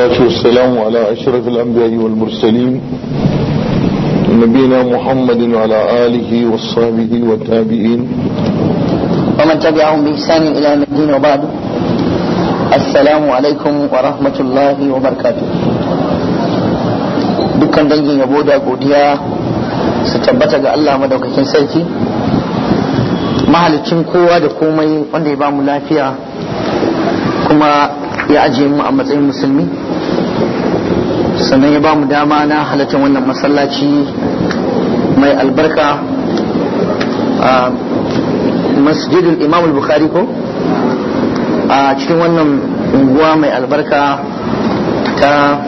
والسلام على أشرف الأنبياء والمرسلين نبينا محمد وعلى آله وصحبه والتابعين ومن تبعهم بإحسان إلى الدين وبعد السلام عليكم ورحمة الله وبركاته dukkan dangin yabo da godiya su tabbata ga Allah madaukakin sarki mahalicin kowa da komai wanda ya ba lafiya kuma ya ajiye mu a matsayin musulmi sannan ya ba mu dama na halatta wannan masallaci mai albarka a masjidul imam bukhari ko a cikin wannan unguwa mai albarka ta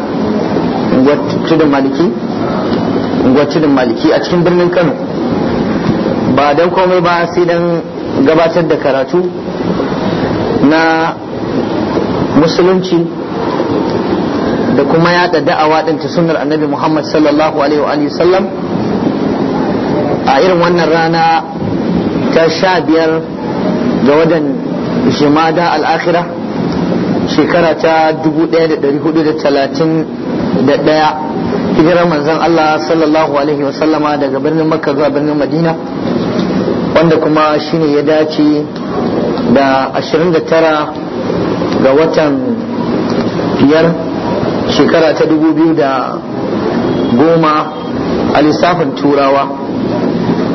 tudun maliki maliki a cikin birnin kano ba don komai ba sai don gabatar da karatu na musulunci da kuma yada da'awa din ta sunnar annabi Muhammad sallallahu alaihi wa alihi sallam a irin wannan rana ta sha biyar ga wadan jimada al-akhirah shekara ta 1431 hijirar manzon Allah sallallahu alaihi wa sallama daga birnin Makka zuwa birnin Madina wanda kuma shine ya dace da 29 ga watan biyar shekara ta dubu biyu da goma a lissafin turawa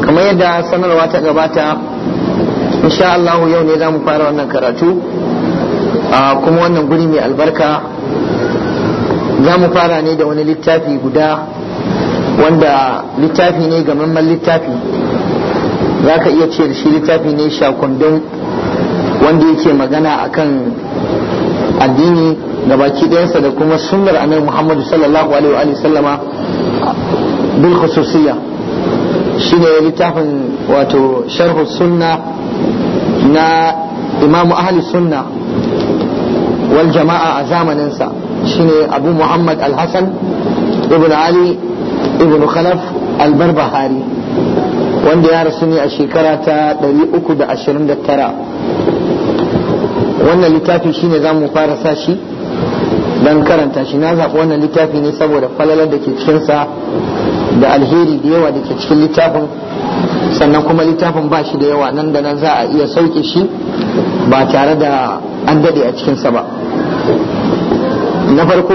kamar yadda sanarwa ta gabata insha Allah yau ne za mu fara wannan karatu a kuma wannan guri mai albarka za mu fara ne da wani littafi guda wanda littafi ne ga mamman littafi za ka iya ce shi littafi ne shakundun wanda yake magana akan addini ga baki ɗayansa da kuma sunnar annabi muhammadu sallallahu alaihi wa sallama bil khususiyya shine littafin wato sharhu sunna na imam ahli sunna wal jama'a a zamaninsa shine abu muhammad al-hassan ibn ali ibn khalaf al-barbahari wanda ya rasu ne a shekara ta 329 wannan littafi shine za mu fara sa shi don karanta shi na zaɓi wannan littafi ne saboda falalar da ke cikinsa da alheri da yawa da ke cikin littafin sannan kuma littafin ba shi da yawa nan da nan za a iya sauke shi ba tare da an daɗe a cikinsa ba na farko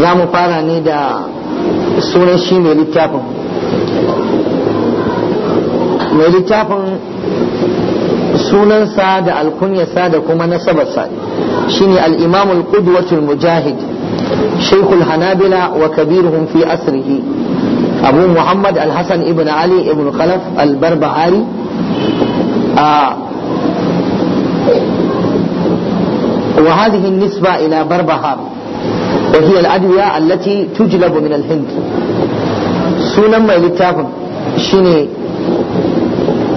za mu fara ne da sunan shi mai littafin mai littafin sunansa da alkunyarsa da kuma nasabarsa shine al-imam al-qudwatul mujahid shaykhul hanabila wa kabiruhum fi asrihi abu muhammad al-hasan ibn ali ibn khalaf al-barbahari وهذه النسبة إلى بربهار وهي الأدوية التي تجلب من الهند سونا ما للتافن شيني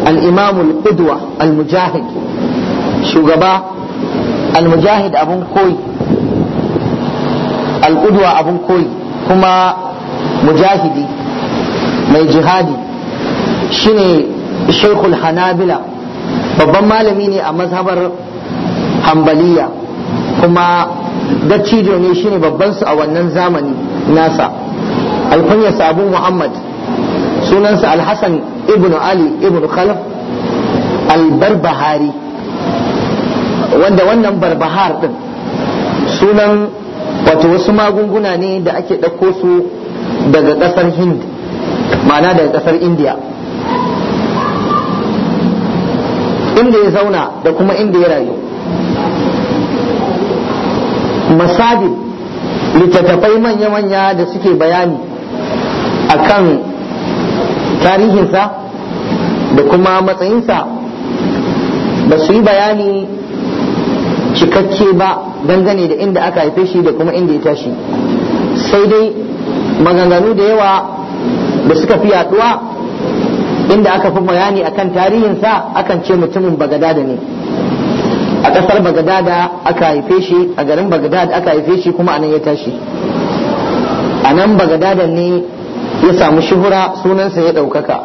al-imam al-qudwa shugaba al abun koyi al abun koyi kuma mujahidi mai jihadi shine shaykhul hanabila babban malami ne a mazhabar hambaliya kuma dattijo ne shine babban su a wannan zamani nasa alkunyarsa abu muhammad sunansa alhassan ibnu ali ibnu khalaf al-barbahari wanda wannan barbahar din sunan wato wasu magunguna ne da ake ɗauko su daga ƙasar hind ma'ana daga ƙasar indiya inda ya zauna da kuma inda ya rayu masabi littattafai manya-manya da suke bayani akan tarihinsa da kuma matsayinsa ba su yi bayani cikakke ba dangane da inda aka haife shi da kuma inda ya tashi sai dai maganganu da yawa da suka fi yaduwa inda aka fi bayani akan tarihinsa akan ce mutumin bagadada ne a ƙasar bagadada aka haife shi a garin bagadada aka haife shi kuma anan ya tashi a nan ne ya samu shuhura sunansa ya ɗaukaka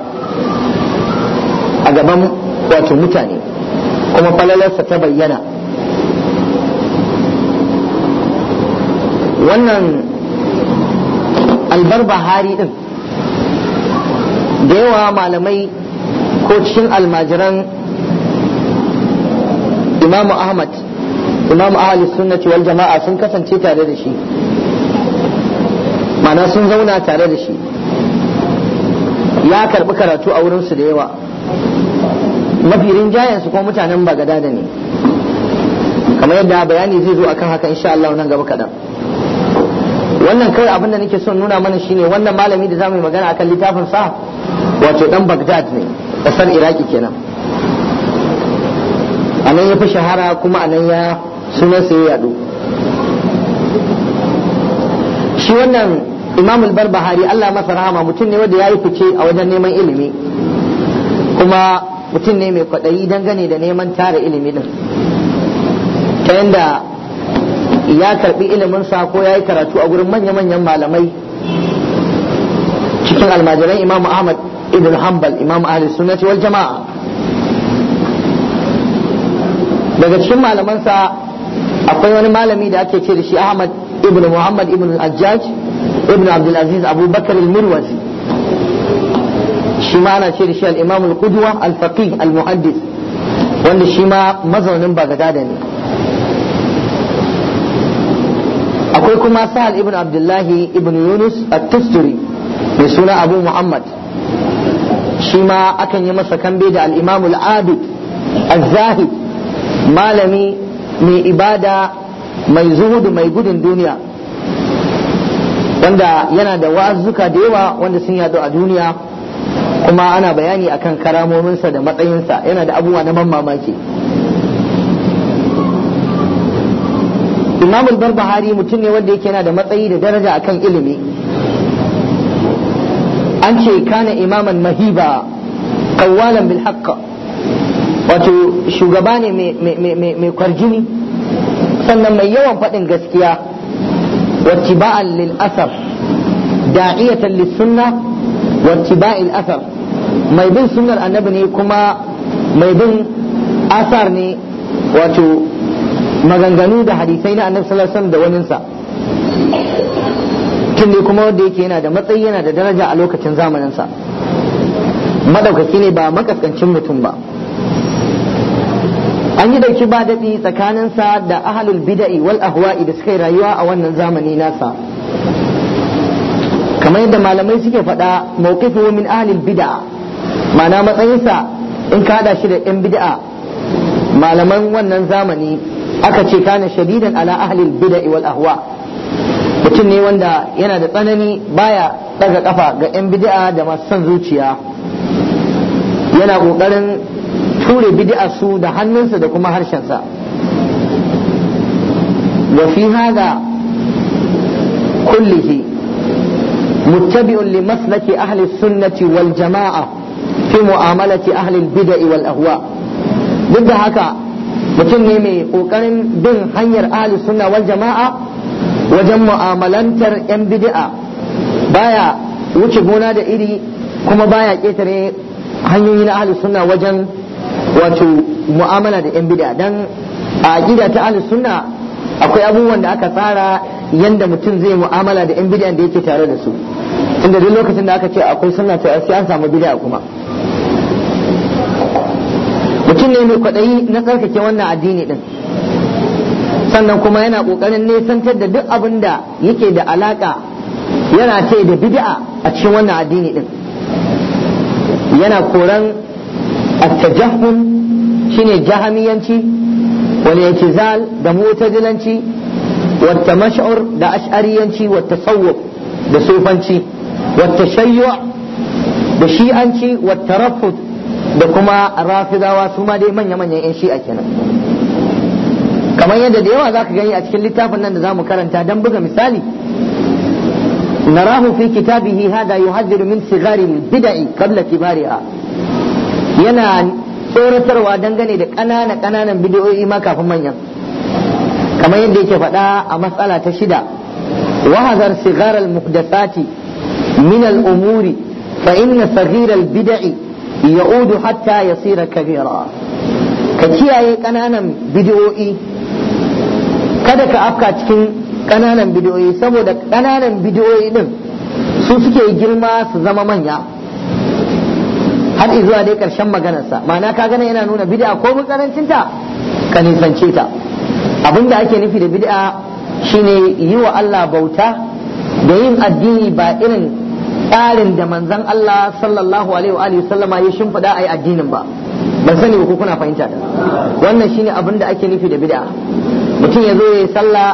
a gaban wato mutane kuma falalarsa ta bayyana wannan albar bahari ɗin da yawa malamai ko cikin almajiran imamu ahmad imamu ahli sunnati wal jama'a sun kasance tare da shi ma'ana sun zauna tare da shi ya karbi karatu a wurinsu da yawa mafi rinjayensu kuma mutanen da ne kamar yadda bayani zai zo akan haka insha Allah nan gaba kaɗan wannan kawai abin da nake son nuna mana shine wannan malami da zamu yi magana akan littafin sa wato dan Baghdad ne kasar Iraki kenan anan ya fi shahara kuma anan ya sunan sai ya yadu shi wannan imam al-barbahari Allah masa rahama mutum ne wanda yayi fice a wajen neman ilimi kuma mutum ne mai kwaɗayi dangane da neman tara ilimi din ta ya karbi ilimin sa ko yayi karatu a gurin manya-manyan malamai cikin almajiran imam ahmad ibn hanbal imam ahli sunnati wal jama'a daga cikin malamansa akwai wani malami da ake ce da shi ahmad ibn muhammad ibn al-ajjaj ibn abdulaziz abubakar al-mirwazi shi ana ce da shi al-imam al-qudwa al-faqih al-muhaddis wanda shi ma mazaunin bagdada ne akwai kuma sahal ibn abdullahi ibn yunus at-tusturi mai suna abu muhammad shi ma akan yi masa kambe da al-imam al-abid al malami mai ibada mai zuhudu mai gudun duniya wanda yana da wazuka da yawa wanda sun yadu a duniya kuma ana bayani akan karamominsa da matsayinsa yana da abubuwa na ban mamaki imam al-barbahari mutum ne wanda yake yana da matsayi da daraja akan ilimi an ce kana imaman mahiba qawwalan bil wato shugaba ne mai kwarjini sannan mai yawan faɗin gaskiya واتباعا للأثر داعية للسنة واتباع الأثر ما يبين سنة النبي كما ما يبين أثر ني واتو maganganu da hadisai na annabi sallallahu alaihi da waninsa tun kuma wanda yake yana da matsayi yana da daraja a lokacin zamaninsa madaukaki ne ba makaskancin mutum ba an yi dauki ba daɗi sa da ahalul bida'i wal ahwa'i da suka yi rayuwa a wannan zamani nasa kamar yadda malamai suke faɗa mawqifu min ahlil bid'a ma'ana matsayinsa in ka hada shi da yan bid'a malaman wannan zamani aka ce kana shadidan ala ahlil bid'a wal ahwa mutum ne wanda yana da tsanani baya daga kafa ga yan bid'a da masu son zuciya yana kokarin ture bidi'a su da hannunsa da kuma harshensa wa fi hada kullihi muttabi'un li maslaki ahli sunnati wal jama'a fi mu'amalati ahli bid'a wal ahwa duk da haka mutum ne mai kokarin bin hanyar ahli sunna wal jama'a wajen mu'amalantar yan bid'a baya wuce gona da iri kuma baya ketare hanyoyi na ahli sunna wajen wato mu'amala da 'yan bida dan a gida ta ahlus sunna akwai abubuwan da aka tsara yanda mutum zai mu'amala da 'yan bida da yake tare da su inda duk lokacin da aka ce akwai sunna ta sai an samu bida kuma mutum ne mai kwaɗayi na tsarkake wannan addini din sannan kuma yana ƙoƙarin nesantar da duk abin da yake da alaƙa yana ce da bid'a a cikin wannan addini din yana koran at-tajahhul shine jahamiyanci wal i'tizal da mu'tazilanci wa tamash'ur da ash'ariyanci wa tasawuf da sufanci wa tashayyu' da shi'anci wa taraffud da kuma rafidawa su ma dai manya-manyan 'yan shi'a kenan kamar yadda da yawa za ka gani a cikin littafin nan da za mu karanta don buga misali narahu fi kitabihi hada yuhaddiru min sigari bid'i kabla kibari'a. yana tsoratarwa dangane da ƙananan ƙananan bidiyoyi ma kafin manyan kamar yadda yake faɗa a matsala ta shida wahazar sigar al minal min umuri fa inna saghir al-bid'i ya'udu hatta yasira kabira ka kiyaye ƙananan bidiyoyi kada ka afka cikin ƙananan bidiyoyi saboda ƙananan bidiyoyi din su suke girma su zama manya har zuwa dai karshen maganarsa ma'ana ka gane yana nuna bid'a ko mutsarancin ta ka nisance ta abinda ake nufi da bid'a shine yi wa Allah bauta da yin addini ba irin tsarin da manzon Allah sallallahu alaihi wa alihi sallama ya shimfida ayi addinin ba ban sani ba ko kuna fahimta da wannan shine abinda ake nufi da bid'a mutum ya zo ya yi sallah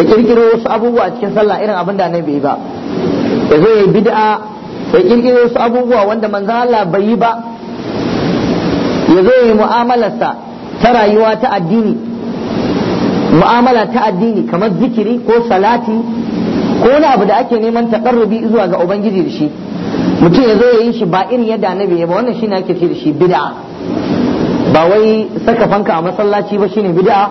ya kirkiro wasu abubuwa cikin sallah irin abin da bai ba ya zo ya yi bid'a ya kirkiro su abubuwa wanda manzan Allah bai yi ba ya zo yi mu'amalarsa ta rayuwa ta addini mu'amala ta addini kamar zikiri ko salati ko wani abu da ake neman taƙarrubi zuwa ga ubangiji da shi mutum ya zo ya yi shi ba irin yadda annabi ya ba wannan shine ake ce da shi bid'a ba wai saka fanka a masallaci ba shine bid'a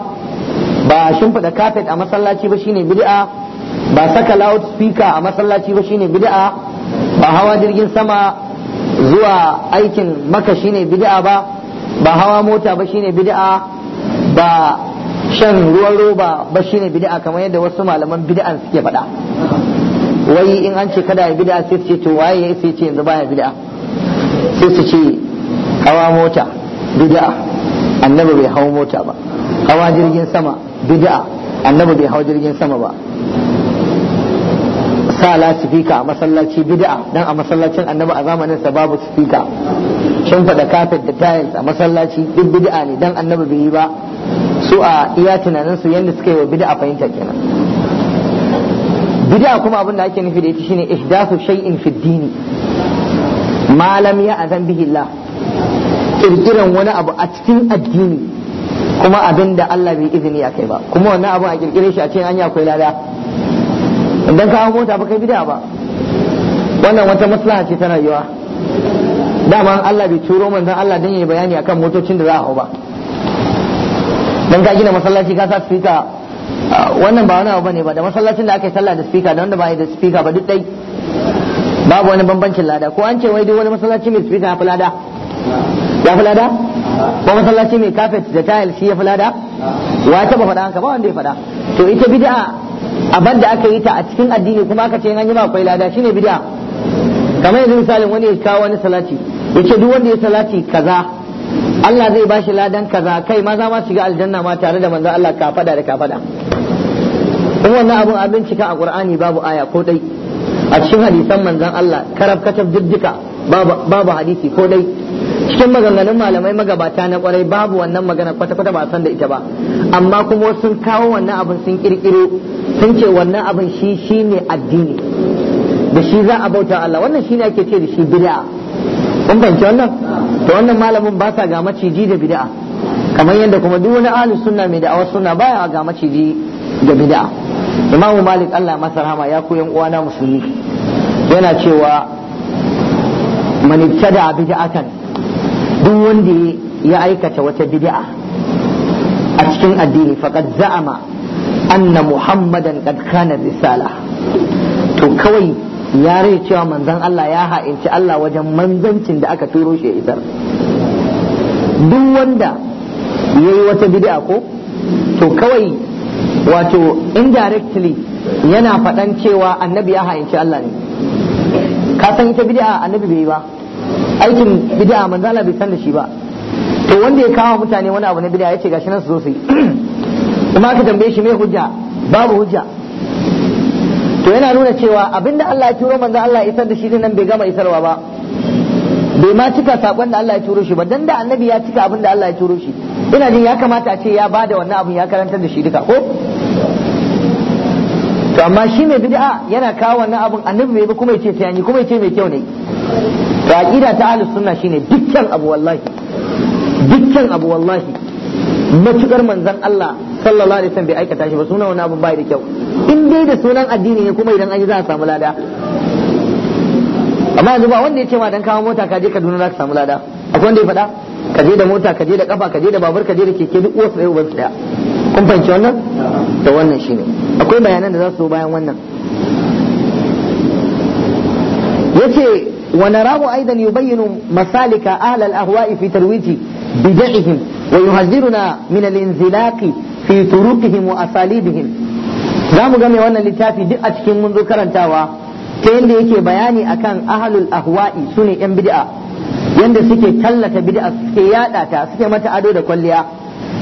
ba shimfiɗa kafet a masallaci ba shine bid'a ba saka loud speaker a masallaci ba shine bid'a ba hawa jirgin sama zuwa aikin maka shine bid'a ba ba hawa mota ba shine bid'a ba shan ruwan roba ba shine bid'a kamar yadda wasu malaman bid'an suke faɗa wai in an ce kada ya bid'a sai ce to waye ya sai ce yanzu baya bid'a sai su ce hawa mota bid'a annabi bai hawa mota ba hawa jirgin sama bid'a annabi bai hawa jirgin sama ba sa sifika a masallaci bid'a dan a masallacin annabi a zamanin sa babu sifika shin fada kafet da tiles a masallaci duk bid'a ne dan annabi bai yi ba su a iya tunanin su yanda suka yi wa bid'a fahimta kenan bid'a kuma abin da ake nufi da ita shine ihdathu shay'in fi dini ma lam ya'zan bihi Allah kirkiran wani abu a cikin addini kuma abin da Allah bai izini a kai ba kuma wannan abu a kirkire shi a cikin anya akwai lada idan ka hau mota ba kai bid'a ba wannan wata maslaha ce ta rayuwa dama Allah bai turo dan Allah dan yayi bayani akan motocin da za a hau ba dan ka gina masallaci ka sa speaker wannan ba wani abu bane ba da masallacin da aka yi sallah da speaker da wanda ba yi da speaker ba duk dai babu wani bambancin lada ko an ce wai duk wani masallaci mai speaker ya fi lada ya fi lada ko masallaci mai carpet da tile shi ya fi lada wa ta ba faɗa haka ba wanda ya faɗa to ita bid'a abin da aka yi ta a cikin addini kuma aka ce an yi ba akwai lada shine bid'a kamar yanzu misalin wani ya kawo wani salati ce duk wanda ya salati kaza Allah zai bashi ladan kaza kai ma za ma shiga aljanna ma tare da manzo Allah ka fada da ka fada in wannan abun abin cika a Qur'ani babu aya ko dai a cikin hadisan manzon Allah karab katab duka babu babu hadisi ko dai cikin maganganun malamai magabata na kwarai babu wannan magana kwata-kwata ba san da ita ba amma kuma sun kawo wannan abin sun kirkiro sun ce wannan abin shi shi ne addini da shi za a bauta Allah wannan shi ne ake ce da shi bid'a kun fahimci wannan to wannan malamin ba sa ga maciji da bid'a kamar yadda kuma duk wani ahlus sunna mai da'awar sunna baya ga maciji da bid'a imamu malik Allah masa rahama ya koyan uwana musulmi yana cewa man ibtada bid'atan duk wanda ya aikata wata bid'a a cikin addini faqad za'ama anna muhammadan qad kana risala to kawai ya rai cewa manzon Allah ya ha'inci Allah wajen manzancin da aka turo shi isar duk wanda yayi wata bid'a ko to kawai wato indirectly yana faɗan cewa annabi ya ha'inci Allah ne ka san ita bid'a annabi bai yi ba aikin bid'a manzo Allah bai san da shi ba to wanda ya kawo mutane wani abu na bid'a yace gashi nan su zo su yi kuma aka tambaye shi me hujja babu hujja to yana nuna cewa abinda Allah ya turo manzo Allah ya isar da shi nan bai gama isarwa ba bai ma cika sakon da Allah ya turo shi ba dan da annabi ya cika abinda Allah ya turo shi ina jin ya kamata a ce ya bada wannan abun ya karantar da shi duka ko to amma shi mai bid'a yana kawo wannan abun annabi bai ba kuma yace sai an yi kuma yace mai kyau ne to aqida ta ahlus sunna shine dukkan abu wallahi dukkan abu wallahi matukar manzon Allah sallallahu alaihi wasallam bai aikata shi ba sunan wani abu bai da kyau in dai da sunan addini ne kuma idan an yi za a samu lada amma yanzu ba wanda ya ce ma dan kawo mota ka je Kaduna za ka samu lada akwai wanda ya faɗa ka je da mota ka je da kafa ka je da babur ka je da keke duk wasu ɗaya uban ɗaya kun fahimci wannan da wannan shine akwai bayanan da za su bayan wannan yace ونراه أيضا يبين مسالك أهل الأهواء في ترويج بدعهم ويحذرنا من الانزلاق في طرقهم وأساليبهم za mu game wannan littafi duk a cikin mun karantawa ta yadda yake bayani akan ahalul ahwa'i sune yan bid'a yanda suke tallata bid'a suke yaɗata suke mata ado da kwalliya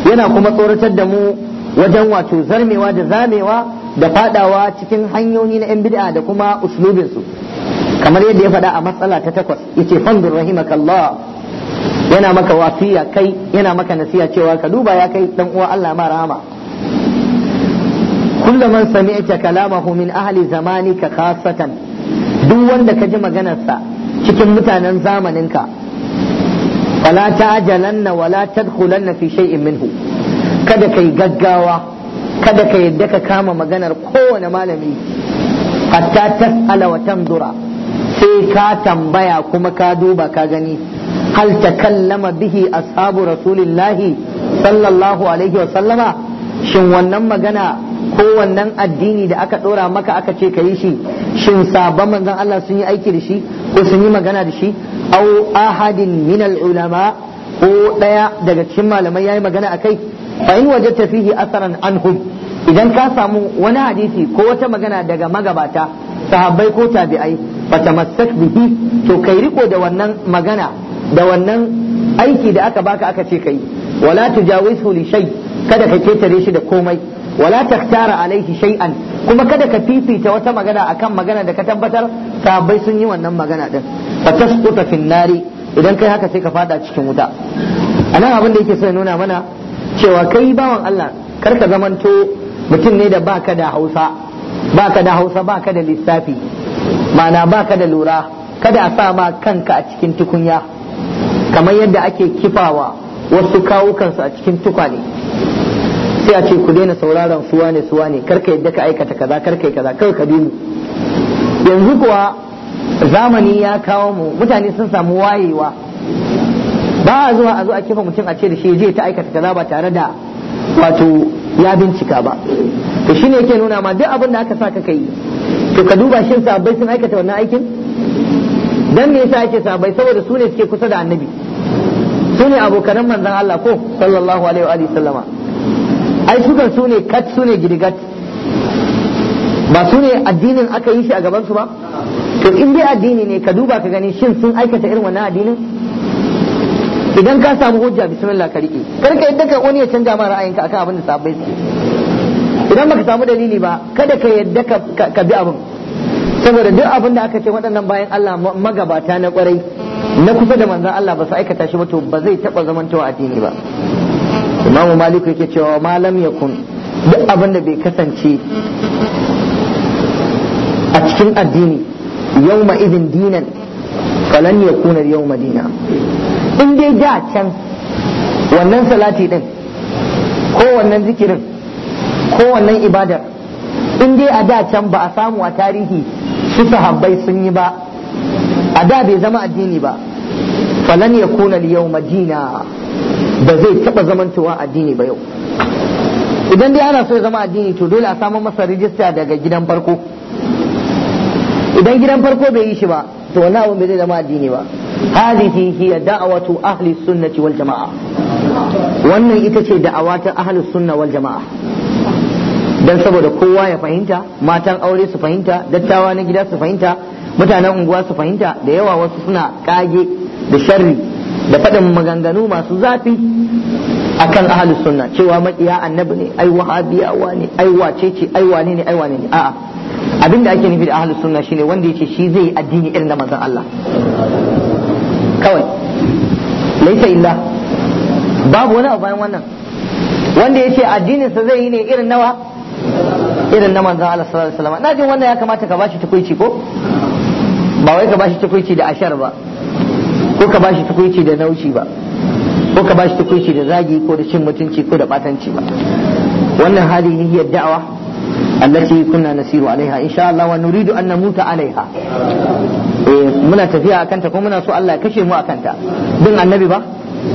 yana kuma tsoratar da mu wajen wato zarmewa da zamewa da fadawa cikin hanyoyi na yan bid'a da kuma uslubinsu kamar yadda ya faɗa a matsala ta takwas yace fandur rahimakallah yana maka wasiya kai yana maka nasiya cewa ka duba ya kai dan uwa Allah ma rahama kullum man sami'ta kalamahu min ahli ka khassatan duk wanda ka ji maganarsa cikin mutanen zamaninka wala ta'jalanna wala tadkhulanna fi shay'in minhu kada kai gaggawa kada ka yadda ka kama maganar kowane malami hatta tas'ala wa tanzura sai ka tambaya kuma ka duba ka gani hal ta takallama bihi ashabu rasulillahi sallallahu alaihi wa sallama shin wannan magana ko wannan addini da aka dora maka aka ce ka yi shi shin sabon manzon Allah sun yi aiki da shi ko sun yi magana da shi au ahadin min ulama ko daya daga cikin malamai yayi magana akai fa in wajadta fihi asaran anhum idan ka samu wani hadisi ko wata magana daga magabata sahabbai ko tabi'ai fatamassak bihi to kai riko da wannan magana da wannan aiki da aka baka aka ce kai wala tujawizhu li shay kada ka ketare shi da komai wala taktara alaihi shay'an kuma kada ka fifita wata magana akan magana da ka tabbatar sahabbai sun yi wannan magana din fa tasquta fin nari idan kai haka sai ka fada cikin wuta anan abin da yake so ya nuna mana cewa kai bawan Allah kar ka zamanto mutum ne da baka da Hausa baka da Hausa baka da lissafi mana ba ka da lura kada a sa ma kanka a cikin tukunya kamar yadda ake kifawa wasu kawukansu a cikin tukwane sai a ce ku daina sauraron suwa ne suwa ne karka yadda ka aikata kaza karka yi kaza kawai ka yanzu kuwa zamani ya kawo mu mutane sun samu wayewa ba a zuwa a zo a kifa mutum a ce da shi je ta aikata kaza ba tare da wato ya bincika ba to shine yake nuna ma duk abin da aka sa ka kai to ka duba shin sahabbai sun aikata wannan aikin dan me yasa ake sahabbai saboda su ne suke kusa da annabi su ne abokanan manzon Allah ko sallallahu alaihi wa sallama ai su kan su ne kat su ne gidigat ba su ne addinin aka yi shi a gaban su ba to in dai addini ne ka duba ka gani shin sun aikata irin wannan addinin idan ka samu hujja bismillah ka rike karka idan ka wani ya canja ma ra'ayinka akan abin da sahabbai suke idan baka samu dalili ba kada ka yadda ka bi abin saboda duk abin da aka ce waɗannan bayan Allah magabata na kwarai na kusa da manzan Allah ba su aikata shi ba to ba zai taɓa zamantawa addini ba imamu maliku yake cewa malam ya kun duk abin da bai kasance a cikin addini ma izin dinan falan yau ma dina in dai da can wannan salati din ko wannan zikirin Kowanne ibadar in dai a da can ba a samu a tarihi su sahabbai sun yi ba a da bai zama addini ba falan ya kuna yau madina ba zai taba zamantowa addini ba yau idan dai ana so ya zama addini to dole a samu masa rijista daga gidan farko idan gidan farko bai yi shi ba to wannan abin bai zai zama addini ba hadhihi hiya da'awatu ahli sunnati wal jama'a wannan ita ce da'awa ahli ahlus sunna wal jama'a dan saboda kowa ya fahimta matan aure su fahimta dattawa na gida su fahimta mutanen unguwa su fahimta da yawa wasu suna kage da sharri da faɗin maganganu masu zafi akan ahlus sunna cewa makiya annabi ne ai wahabiyawa ne ai wace ce ai wane ne ai wane ne a'a abinda ake nufi da ahlus sunna shine wanda yace shi zai addini irin da manzon Allah kawai laisa illa babu wani abu bayan wannan wanda yace addinin sa zai yi ne irin nawa irin na manzan Allah sallallahu alaihi wasallam na jin wannan ya kamata ka bashi tukuici ko ba wai ka bashi tukuici da ashar ba ko ka bashi tukuici da nauci ba ko ka bashi tukuici da zagi ko da cin mutunci ko da batanci ba wannan hali ne hiyar da'awa allati kunna nasiru alaiha insha Allah wa nuridu an namuta alaiha eh muna tafiya akan ta kuma muna so Allah ya kashe mu akan ta din annabi ba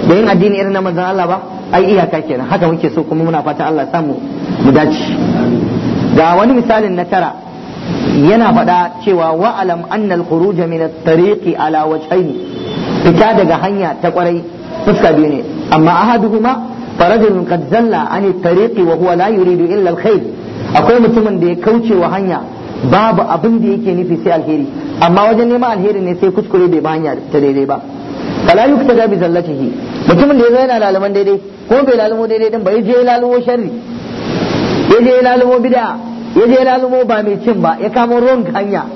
da yin addini irin na manzan Allah ba ai iyaka kenan haka muke so kuma muna fata Allah samu mu dace ga wani misalin na tara yana faɗa cewa wa'alam annal khuruj min at-tariqi ala wajhayni fita daga hanya ta kwarai fuska biyu ne amma ahaduhuma kuma qad zalla an at-tariqi wa huwa la yuridu illa al khayr akwai mutumin da ya kauce wa hanya babu abin da yake nufi sai alheri amma wajen neman alheri ne sai kuskure bai ba hanya ta daidai ba fala yuktada bi zallatihi mutumin da ya zo yana lalaman daidai ko bai lalamo daidai din bai je lalumo sharri ya je ya lalumo bid'a ya je ya lalumo ba mai cin ba ya kama ruwan hanya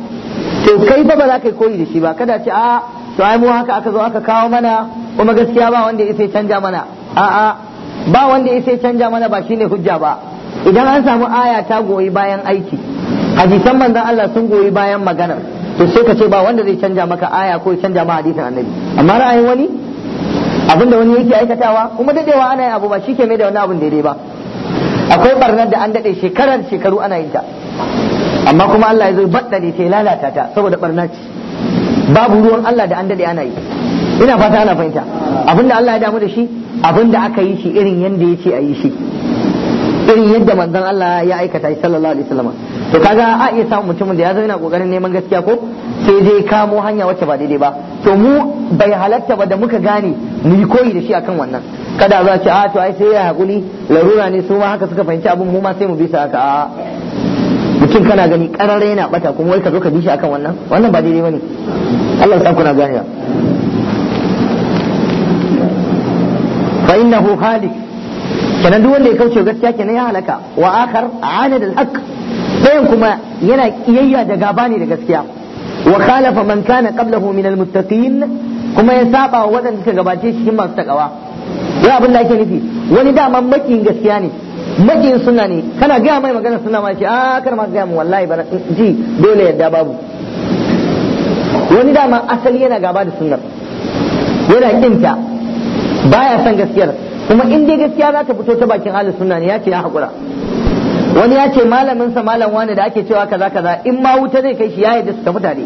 to kai fa ba za ka yi koyi da shi ba kada ce a to ai mu haka aka zo aka kawo mana kuma gaskiya ba wanda ya sai canja mana a a ba wanda ya sai canja mana ba shine hujja ba idan an samu aya ta goyi bayan aiki hadisan manzon Allah sun goyi bayan magana to sai ka ce ba wanda zai canja maka aya ko ya canja ma hadisin annabi amma ra'ayin wani abinda wani yake aikatawa kuma dadewa ana yin abu ba shi ke mai da wani abin daidai ba akwai barnar da an dade shekarar shekaru ana yin ta amma kuma Allah ya zo ne sai lalata ta saboda barna ce babu ruwan Allah da an daɗe ana yi ina fata ana fahimta abinda Allah ya damu da shi abinda aka yi shi irin yadda ya ce a yi shi irin yadda manzon Allah ya aikata shi sallallahu alaihi wasallam to kaga a iya samun mutumin da ya zo yana kokarin neman gaskiya ko sai dai kamo hanya wacce ba daidai ba to mu bai halatta ba da muka gane mu yi koyi da shi akan wannan kada za ce a ah, to ai sai ya hakuri larura ne su ma haka suka fahimci abin mu ma sai mu bisa haka a mutum kana gani karare yana bata kuma wai ka zo ka bi shi akan wannan wannan ba daidai bane Allah ya na gani ya fa innahu halik kenan duk wanda ya kauce gaskiya kenan ya halaka wa akhar anad al haqq dayan kuma yana kiyayya da gaba ne da gaskiya wa khalafa man kana qablahu min al muttaqin kuma ya saba wa wadanda suka gabace shi masu takawa dan abin da ake nufi wani dama makin gaskiya ne makin suna ne kana gaya mai magana suna ma ce a ah, kar ma gaya mu wallahi bana ji dole yadda babu wani dama asali yana gaba da sunnar yana kinta baya son gaskiyar kuma in dai gaskiya za ta fito ta bakin ahlus sunna ne ya ce ya hakura wani ya ce malamin sa malam wani da ake cewa kaza kaza in ma wuta zai kai shi ya yadda suka mutane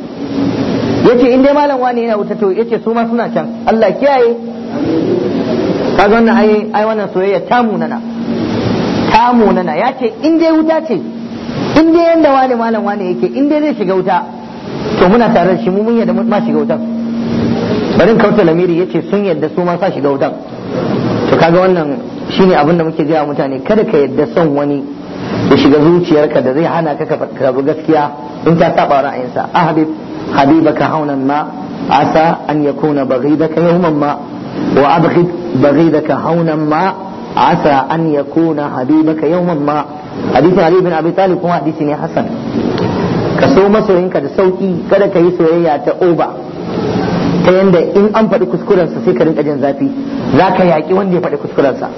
tare yace in dai malam wani yana wuta to yace su ma suna can Allah kiyaye kaga wannan ai ai wannan soyayya ta munana ta munana ya ce in dai wuta ce in dai yanda wani malam wani yake in dai zai shiga wuta to muna tare da shi mu mun yadda ma shiga wutan barin kauta lamiri yace sun yadda su ma sa shiga wutan to kaga wannan shine abin da muke gaya mutane kada ka yadda son wani ya shiga zuciyarka da zai hana ka ka gaskiya in ta saba ra'ayinsa ahabib ah, habibaka haunan ma asa an yakuna baghidaka yawman ma وأبغض بغيضك هونا ما عسى أن يكون حبيبك يوما ما حديث علي بن أبي طالب هو حديث حسن كسو soyinka da sauki kada ka yi soyayya ta oba ta yanda in an faɗi kuskurensa sai ka rinka jin zafi za ka yaƙi wanda ya faɗi kuskurensa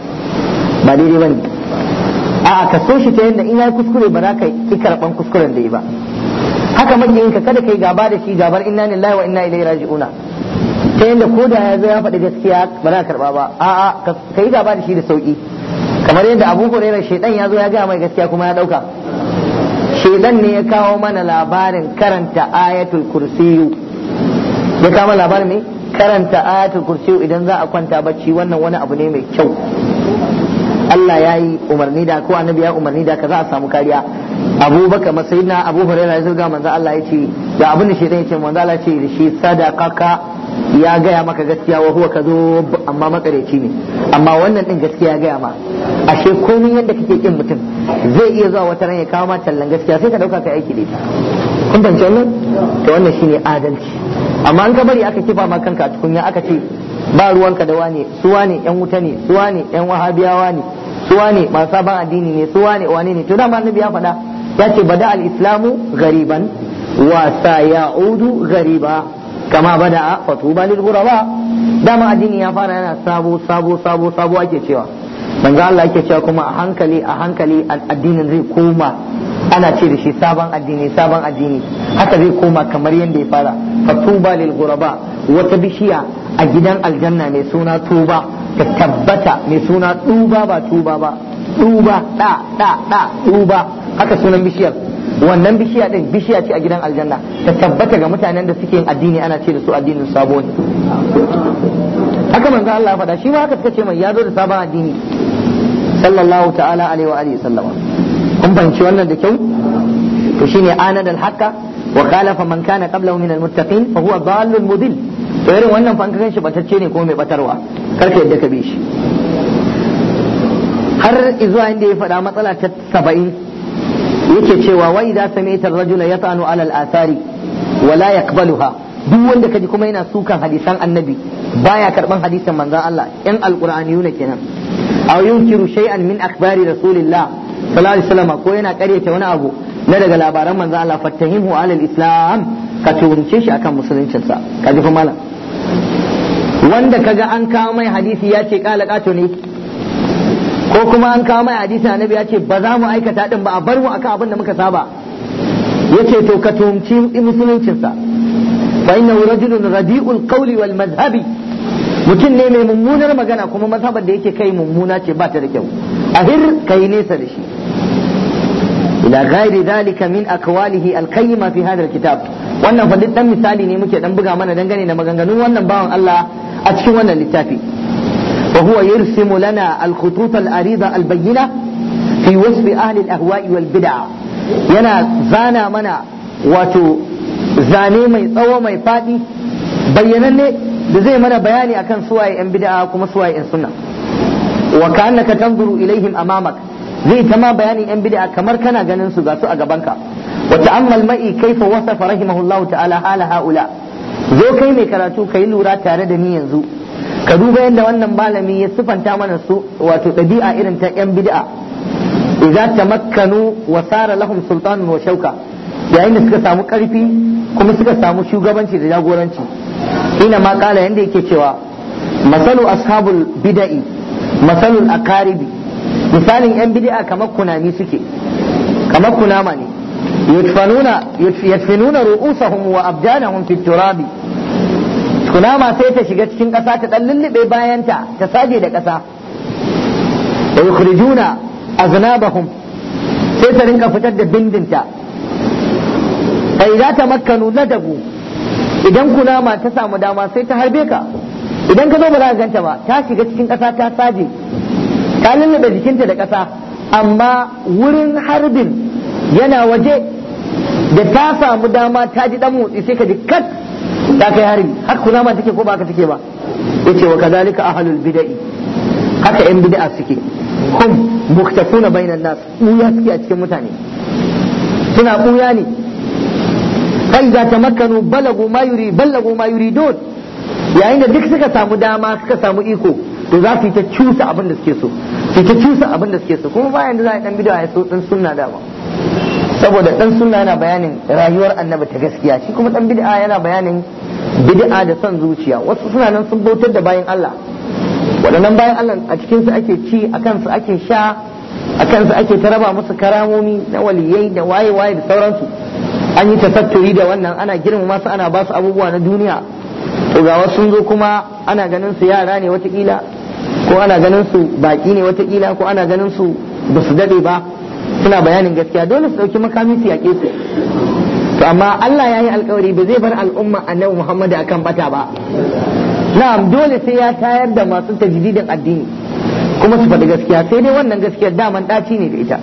ba dai ba ne a'a ka so shi ta yanda in ya yi kuskure ba za ka ki karban kuskuren da yi ba haka majiyinka kada ka yi gaba da shi gabar inna lillahi wa inna ilaihi raji'una sai yadda ko da ya zo ya faɗi gaskiya ba za karɓa ba a'a ka yi gaba da shi da sauƙi kamar yadda abu hurairar shaidan ya zo ya gaya mai gaskiya kuma ya ɗauka shaidan ne ya kawo mana labarin karanta ayatul kursiyu ya kawo mana labarin ne karanta ayatul kursiyu idan za a kwanta bacci wannan wani abu ne mai kyau Allah ya yi umarni da ko annabi ya umarni da ka za a samu kariya abubakar masayidina abu hurairah ya zurga manzo Allah ya ce da abin da shaidan ya ce manzo Allah ya ce da shi sadaqaka ya gaya maka gaskiya wa huwa kazo amma makareci ne amma wannan din gaskiya ya gaya ma ashe komai yadda kake kin mutum zai iya zuwa wata ran ya kawo ma tallan gaskiya sai ka dauka kai aiki da ita kun fahimci wannan to wannan shine adalci amma an ka bari aka kifa ma kanka a tukunya aka ce ba ruwanka da wane su wane yan wuta ne su wane yan wahabiyawa ne su wane masu sabon addini ne su wane wane ne to dama annabi ya faɗa ya ce bada al-islamu gariban wa sa ya'udu gariba kama da fa tuba lil ba dama addini ya fara yana sabo sabo sabo sabo ake cewa manzo Allah yake cewa kuma a hankali a hankali addinin zai koma ana ce da shi sabon addini sabon addini haka zai koma kamar yadda ya fara fa tuba lil wata bishiya a gidan aljanna mai suna tuba ta tabbata mai suna tuba ba tuba ba tuba da da da tuba haka sunan bishiyar wannan bishiya din bishiya ce a gidan aljanna ta tabbata ga mutanen da suke addini ana ce da su addinin sabo ne haka manzo Allah ya faɗa shi ma haka suka ce mai yazo da sabon addini sallallahu ta'ala alaihi wa alihi sallama kun banci wannan da kyau to shine ana dal haqa wa khalafa man kana qablahu min almuttaqin fa huwa dallun mudil to irin wannan fa kan shi batacce ne ko mai batarwa Kar ka yadda ka bi shi har izuwa inda ya faɗa matsala ta 70 yake cewa wai za sami'ta ar-rajula yata'anu 'ala al-athari wala la duk wanda kaji kuma yana sukan hadisan annabi baya karban hadisan manzan Allah yan yuna kenan aw yunkiru shay'an min akhbari rasulillah sallallahu alaihi wasallam ko yana karyata wani abu na daga labaran manzan Allah fatahimu 'ala al-islam ka tunce shi akan sa kaji kuma malam wanda kaga an kawo mai hadisi ya ce kala kato ne ko kuma an kawo mai hadisi annabi ya ce ba za mu aikata din ba a bar mu akan abin da muka saba yace to ka tumci sa fa inna rajulun radi'ul qawli wal madhhabi mutum ne mai mummunar magana kuma mazhabar da yake kai mummuna ce ba ta da kyau ahir kai nesa da shi ila ghairi dhalika min aqwalihi al-qayyima fi hadha al-kitab wannan fa dan misali ne muke dan buga mana dangane da maganganun wannan bawan Allah a cikin wannan littafi وهو يرسم لنا الخطوط العريضة البينة في وصف أهل الأهواء bida'a yana زانا منا واتو zane mai tsawo mai faɗi bayyananne da zai mana bayani akan suwaye yan bida'a kuma suwaye yan sunna wa ka'annaka tanzuru ilaihim amamak zai ta bayanin yan bida'a kamar kana ganin su ga su a gabanka Wata ta'ammal ma'i kaifa wasafa rahimahullahu ta'ala hala haula zo kai mai karatu ka yi lura tare da ni yanzu ka duba yadda wannan malami ya sifanta mana su wato ɗabi'a irin ta yan bid'a idza tamakkanu wa sara lahum sultanun wa shauka yayin da suka samu ƙarfi kuma suka samu shugabanci da jagoranci ina ma kala yanda yake cewa masalu ashabul bid'i masalu akaribi misalin yan bid'a kamar kunami suke kamar kunama ne yadfinuna yadfinuna ru'usahum wa abdanahum fit turabi kunama sai ta shiga cikin ƙasa ta ɗan lullube bayanta ta saje da ƙasa da yukhrijuna aznabahum sai ta rinka fitar da bindinta fa idza tamakkanu nadabu idan kunama ta samu dama sai ta harbe ka idan ka zo ba za ka ganta ba ta shiga cikin ƙasa ta saje ta lullube jikinta da ƙasa amma wurin harbin yana waje da ta samu dama ta ji ɗan motsi sai ka ji kat ta kai hari har kunama take ko ba ka take ba yace wa kazalika ahlul bid'i haka yan bid'a suke hum muktafuna bainan nas uya suke a cikin mutane suna buya ne kai zata ta balagu ma balagu ma yuridun yayin da duk suka samu dama suka samu iko to za su yi ta cusa abin da suke so su ta cusa abin da suke so kuma bayan da za a dan bid'a ya so dan sunna da ba saboda dan sunna yana bayanin rayuwar annabi ta gaskiya shi kuma dan bid'a yana bayanin bid'a da son zuciya wasu suna nan sun bautar da bayan Allah waɗannan bayan Allah a cikin su ake ci a kansu ake sha a kansu ake ta raba musu karamomi na waliyai da waye waye da sauransu an yi tafatturi da wannan ana girmama su ana ba su abubuwa na duniya to ga wasu sun zo kuma ana ganin su yara ne watakila ko ana ganin su baki ne watakila ko ana ganin su basu su dade ba suna bayanin gaskiya dole su ɗauki makami su yake su to amma Allah ya yi alkawari ba zai bar al'umma annabi Muhammad akan bata ba na'am dole sai ya tayar da masu tajdidin addini kuma su faɗi gaskiya sai dai wannan gaskiya daman ɗaci ne da ita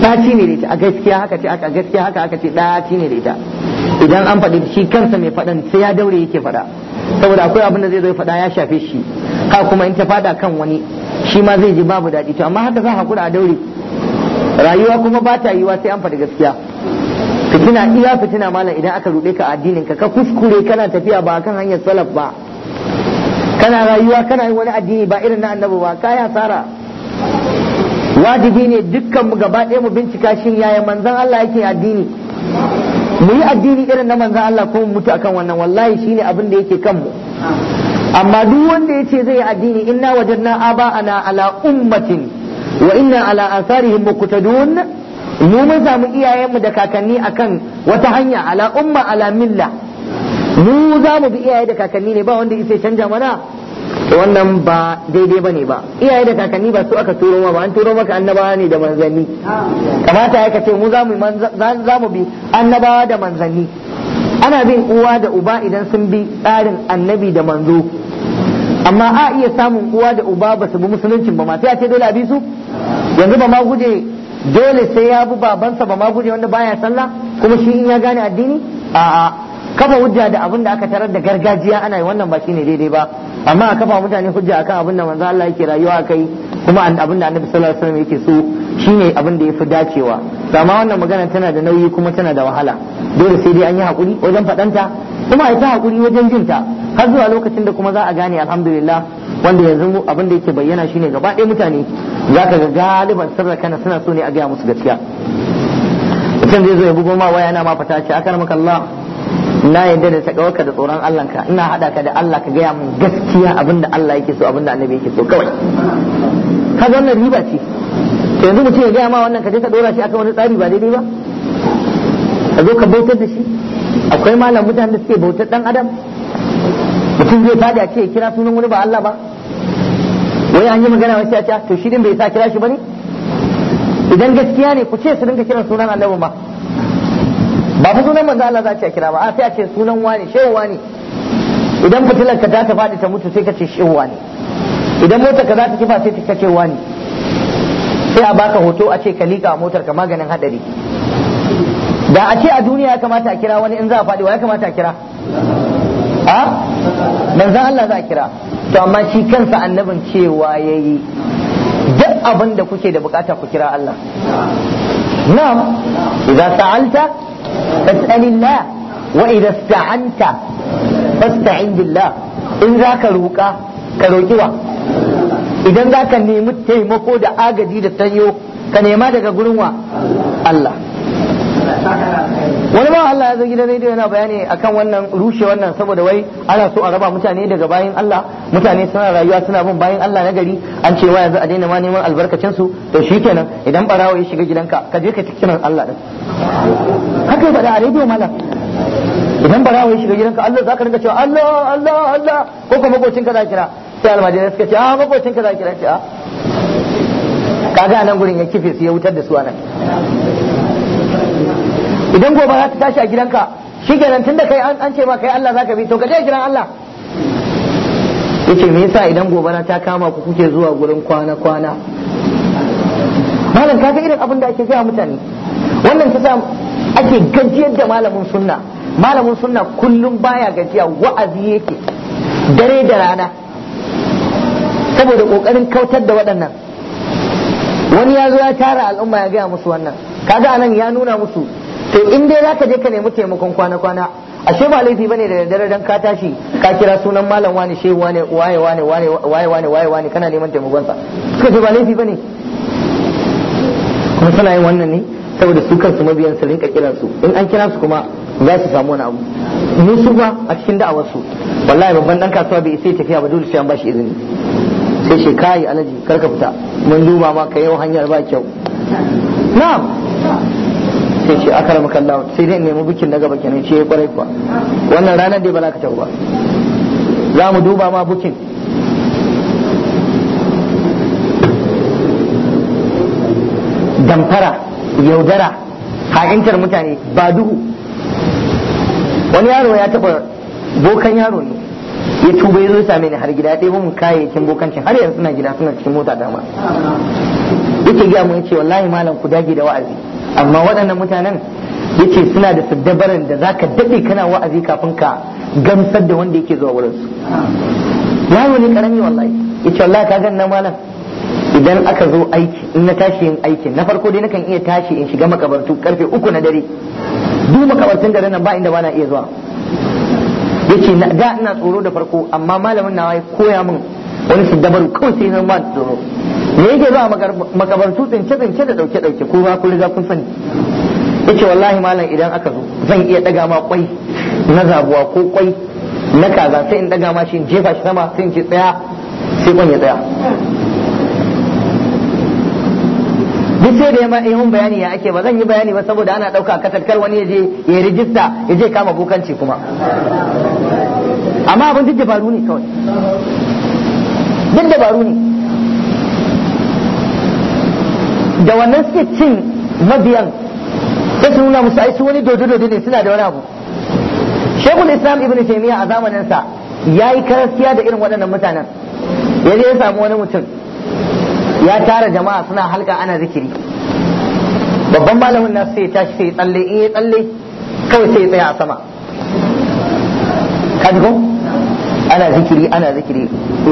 ɗaci ne da ita a gaskiya haka ce aka gaskiya haka aka ce ɗaci ne da ita idan an faɗi shi kansa mai faɗan sai ya daure yake faɗa saboda akwai abin da zai zo faɗa ya shafe shi ka kuma in ta faɗa kan wani shi ma zai ji babu daɗi to amma haka za hakura a daure rayuwa kuma ba ta yiwa sai an faɗi gaskiya Kina iya fitina malam idan aka ruɗe ka addinin ka ka kuskure kana tafiya ba kan hanyar salaf ba kana rayuwa kana wani addini ba irin na annabi ba kaya tsara. wajibi ne dukkan mu gaba ɗaya mu bincika shin yaya manzon Allah yake addini mu yi addini irin na manzon Allah ko mu mutu akan wannan wallahi shine abin da yake kanmu amma duk wanda yace zai yi addini inna wajadna aba'ana ala ummatin wa inna ala asarihim muqtadun mu mun samu iyayenmu da kakanni akan wata hanya ala umma ala milla mu za mu bi iyaye da kakanni ne ba wanda isai canja mana wannan ba daidai bane ba iyaye da kakanni ba su aka turo ma ba an turo maka annabawa ne da manzanni kamata ya kace mu za mu za mu bi annabawa da manzanni ana bin uwa da uba idan sun bi tsarin annabi da manzo amma a iya samun uwa da uba ba su bi musuluncin ba ma sai a ce dole a bi su yanzu ba ma guje dole sai ya bi babansa ba ma guje wanda baya sallah kuma shi in ya gane addini a'a kafa hujja da abin da aka tarar da gargajiya ana yi wannan ba shine daidai ba amma a kafa mutane hujja akan abin da manzo Allah yake rayuwa kai kuma abin da Annabi sallallahu alaihi wasallam yake so shine abin da yafi dacewa to amma wannan magana tana da nauyi kuma tana da wahala dole sai dai an yi hakuri wajen faɗanta kuma a ta hakuri wajen jinta har zuwa lokacin da kuma za a gane alhamdulillah wanda yanzu abin da yake bayyana shine gaba ɗaya mutane za ka ga galiban sirra kana suna so ne a gaya musu gaskiya mutum zai zo ya bugo ma waya na ma fata ce akar maka Allah na yadda da takawarka da tsoron Allah ka ina hada ka da Allah ka gaya mun gaskiya abinda Allah yake so abinda annabi yake so kawai kaga wannan riba ce yanzu mutum ya gaya ma wannan ka je ka dora shi akan wani tsari ba daidai ba ka zo ka bautar da shi akwai malam mutane da suke bautar dan adam mutum zai fadi a ce ya kira sunan wani ba Allah ba wai an yi magana wasu ya ah, to shi din bai sa kira shi ba ne idan gaskiya ne ku ce su dinka kiran sunan Allah ba ba fa sunan manzo Allah za a kira ba a sai a ce sunan wani shehu wani idan fitilar ka ta fadi ta mutu sai ka ce shehu wani idan motar ka za ta kifa sai ka ce wani sai a baka hoto a ce ka liƙa motar ka maganin hadari da a ce a duniya ya kamata a kira wani in za a faɗi wa ya kamata a kira a manzan Allah za a kira to amma shi kansa annabin cewa yayi duk abin da kuke da bukata ku kira Allah na'am idza sa'alta fas'alillah wa idza sta'anta fasta'in billah in zaka roka ka roki wa idan za ka nemi taimako da agaji da tanyo ka nema daga gurin wa Allah wani ma Allah ya zo gidan rediyo yana bayani akan wannan rushe wannan saboda wai ana so a raba mutane daga bayan Allah mutane suna rayuwa suna bin bayan Allah na gari an cewa yanzu a daina ma neman albarkacin su to shikenan idan barawo ya shiga gidanka ka je ka cikin Allah din haka faɗa a rediyo malam idan barawo ya shiga gidanka Allah zaka rinka cewa Allah Allah Allah ko kuma ka za kira sai almajirai suka ce ah, a ka za ki shi ah. a kaga nan gurin ya kife su ya wutar da su anan idan gobe za ta tashi a gidanka shi kenan tun da kai an ce ma kai Allah za ka bi to ka je kiran Allah yace me yasa idan gobe na ta kama ku kuke zuwa gurin kwana kwana malam kaga irin abin da ake gaya mutane wannan ta sa ake gajiyar da malamin sunna malamin sunna kullum baya gajiya wa'azi yake dare da rana saboda kokarin kautar da waɗannan wani ya zo ya tara al'umma ya gaya musu wannan kaga anan ya nuna musu to in dai zaka je ka nemi taimakon kwana-kwana ashe ba laifi bane da daddare dan ka tashi ka kira sunan malam wani shehu wani waye wani waye wani waye wani kana neman taimakon sa suka ce ba laifi bane kuma suna yin wannan ne saboda su kansu mabiyan su rinka kiran su in an kira su kuma za su samu wani abu ni su ba a cikin da'awar su wallahi babban dan kasuwa bai isa tafiya ba dole sai an bashi izini sai shi kai alaji kar ka fita mun duba ma ka yau hanyar ba kyau na'am sai ce akara makallawa sai dai nemi bikin na gaba kenan ce kwarai kuwa wannan ranar dai ba za ka tafi ba za mu duba ma bukin damfara yaudara ha'intar mutane ba duhu wani yaro ya taɓa bokan yaro ne ya tuba ya zo same har gida ya ɗebo mun kayayyakin bokancin har yanzu suna gida suna cikin mota dama yake gaya mun ce wallahi malam ku dage da wa'azi amma waɗannan mutanen yace suna da dabarar da zaka daɗe kana wa'azi kafin ka gamsar da wanda yake zuwa wurin su yaro ne karami wallahi yace wallahi ka ganna malam idan aka zo aiki in na tashi yin aikin na farko dai nakan iya tashi in shiga makabartu karfe uku na dare duk makabartun da nan ba inda bana iya zuwa yace na da ina tsoro da farko amma malamin nawa ya koya min wani su dabaru kawai sai na ba tsoro me yake zuwa makabartu tsince tsince da dauke dauke ko ba ku riga kun sani yace wallahi malam idan aka zo zan iya daga ma kwai na zabuwa ko kwai na kaza sai in daga ma shi in jefa shi sama sai in ce tsaya sai kwan ya tsaya sai da yamma yi eh, bayani ya ake ba zan yi bayani ba saboda ana ɗauka katakkar wani ya je ya rijista ya je kama bokanci kuma amma abin duk dabaru ne kawai duk dabaru ne da wannan suke cin mabiyan sai su nuna musu ai su wani dodo-dodo ne suna da wani abu shekul islam ibn taimiyya a zamaninsa ya yi karaskiya da irin waɗannan mutanen ya ya samu wani mutum ya tara jama'a suna halka ana zikiri babban malamin nasu sai tashi sai tsalle in ya tsalle kawai sai tsaya a sama kaji ko ana zikiri ana zikiri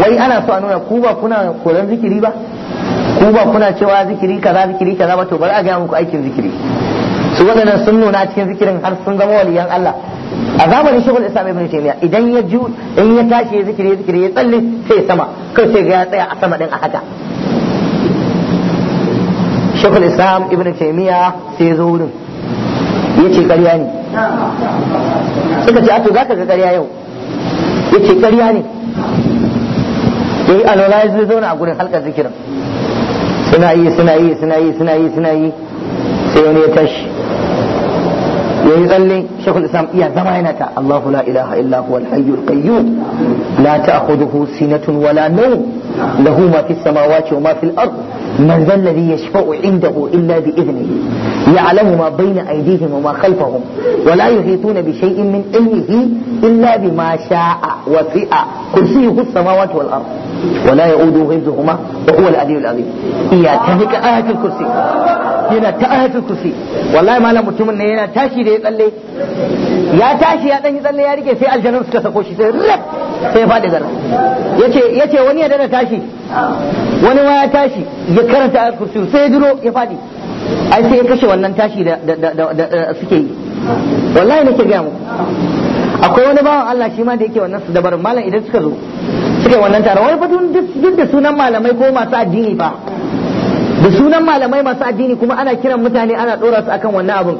wai ana so a nuna ku ba kuna koran zikiri ba ku ba kuna cewa zikiri kaza zikiri kaza ba to bari a ga muku aikin zikiri su waɗannan sun nuna cikin zikirin har sun zama waliyan Allah a zamanin shugul islam ibn taymiya idan ya ju in ya tashi zikiri zikiri ya tsalle sai sama kai sai ga ya tsaya a sama din a haka shekul islam ibn taimiya sai zo wurin ya ce karya ne suka ce ato za ka ga karya yau ya karya ne ya yi alola ya zauna a gurin halkar zikirin suna yi suna yi suna yi suna yi suna yi sai wani ya tashi ya tsalle shekul islam iya zama yana ta allahu la ilaha sinatun wala lahu ma fis wa من ذا الذي يشفع عنده إلا بإذنه يعلم ما بين أيديهم وما خلفهم ولا يحيطون بشيء من علمه إلا بما شاء وسع كرسيه السماوات والأرض ولا يؤود حفظهما وهو العلي العظيم iya ta nika ayatul kursi yana ta ayatul kursi wallahi malam mutumin ne yana tashi da ya tsalle ya tashi ya dan tsalle ya rike sai aljanun suka sako shi sai rap sai faɗi gara yace yace wani ya dana tashi wani ya tashi ya karanta ayatul kursi sai ya ya fadi. ai sai ya kashe wannan tashi da suke yi wallahi nake gaya muku akwai wani bawan Allah shi ma da yake wannan su malam idan suka zo suka wannan tara wani fatun duk da sunan malamai ko masu addini ba da sunan malamai masu addini kuma ana kiran mutane ana dora su akan wannan abin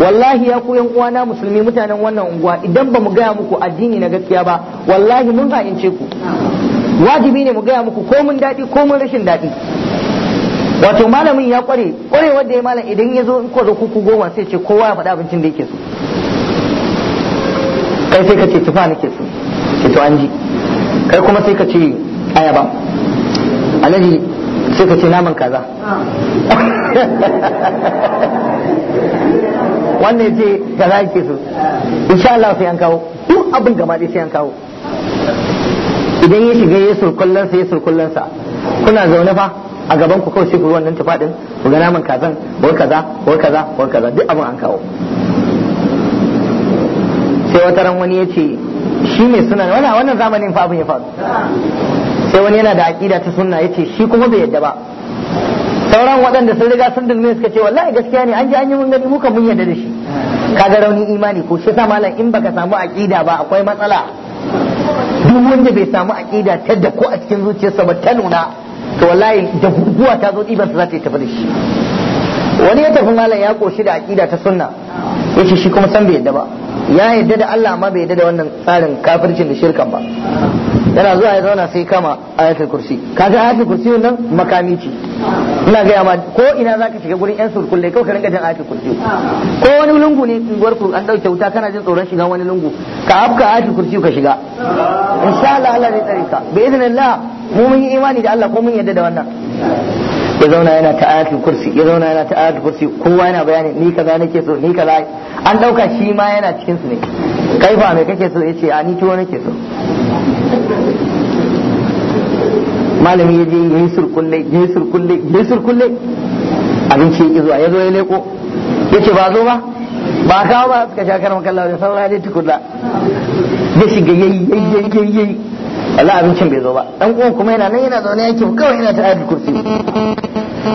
wallahi ya ku yan uwana musulmi mutanen wannan unguwa idan ba mu gaya muku addini na gaskiya ba wallahi mun fahimce ku wajibi ne mu gaya muku ko mun daɗi ko mun rashin daɗi wato malamin ya kware kwarewar wanda ya malam idan ya zo in ko kuku goma sai ce kowa ya faɗi abincin da yake so kai sai ka ce tufa nake so ce to an ji kai kuma sai ka ce ayaba alaji sai ka ce naman kaza wannan ce kaza yake so insha Allah sai an kawo duk abin gaba dai sai an kawo idan ya shiga ya kullansa ya kullansa kuna zaune fa a gaban ku kawai sai ku wannan tufa din ku ga naman kazan wai kaza wai kaza wai kaza duk abin an kawo sai wata ran wani ya ce shi mai suna wannan wannan zamanin fa abin ya faru sai wani yana da aƙida ta sunna ya ce shi kuma bai yadda ba sauran waɗanda sun riga sun dulmi suka ce wallahi gaskiya ne an ji an yi mun gani muka mun yadda da shi kaga rauni imani ko shi sa malam in baka samu aƙida ba akwai matsala duk wanda bai samu aƙida ta da ko a cikin zuciyarsa ba ta nuna to wallahi da guguwa ta zo ɗiban za ta yi tafi da shi wani ya tafi malam ya koshi da aƙida ta sunna yace shi kuma san bai yadda ba ya yadda da Allah amma bai yadda da wannan tsarin kafircin da shirkan ba yana zuwa ya zauna sai kama ayatul kursi kaga ayatul kursi nan makami ce ina ga ma ko ina zaka shiga gurin yan surkulle kawai ka rinka jin ayatul kursi ko wani lungu ne in gwarku an dauke wuta kana jin tsoron shiga wani lungu ka afka ayatul kursi ka shiga insha Allah Allah zai tsare ka bi idnillah mu mun yi imani da Allah ko mun yadda da wannan ya zauna yana ta ayatul kursi ya zauna yana ta ayatul kursi kowa yana bayani ni kaza nake so ni kaza an dauka shi ma yana cikin su ne kai fa me kake so yace a ni tuwo nake so malami ya je yi surkulle yayi surkulle yayi surkulle abinci yake zuwa ya zo ya leko yace ba zo ba ba kawo ba suka sha karam kallawa da saura tukulla tukunna ya shiga yayi yayi yayi Allah abincin bai zo ba dan uwan kuma yana nan yana zaune yake kawai yana ta ayatul kursi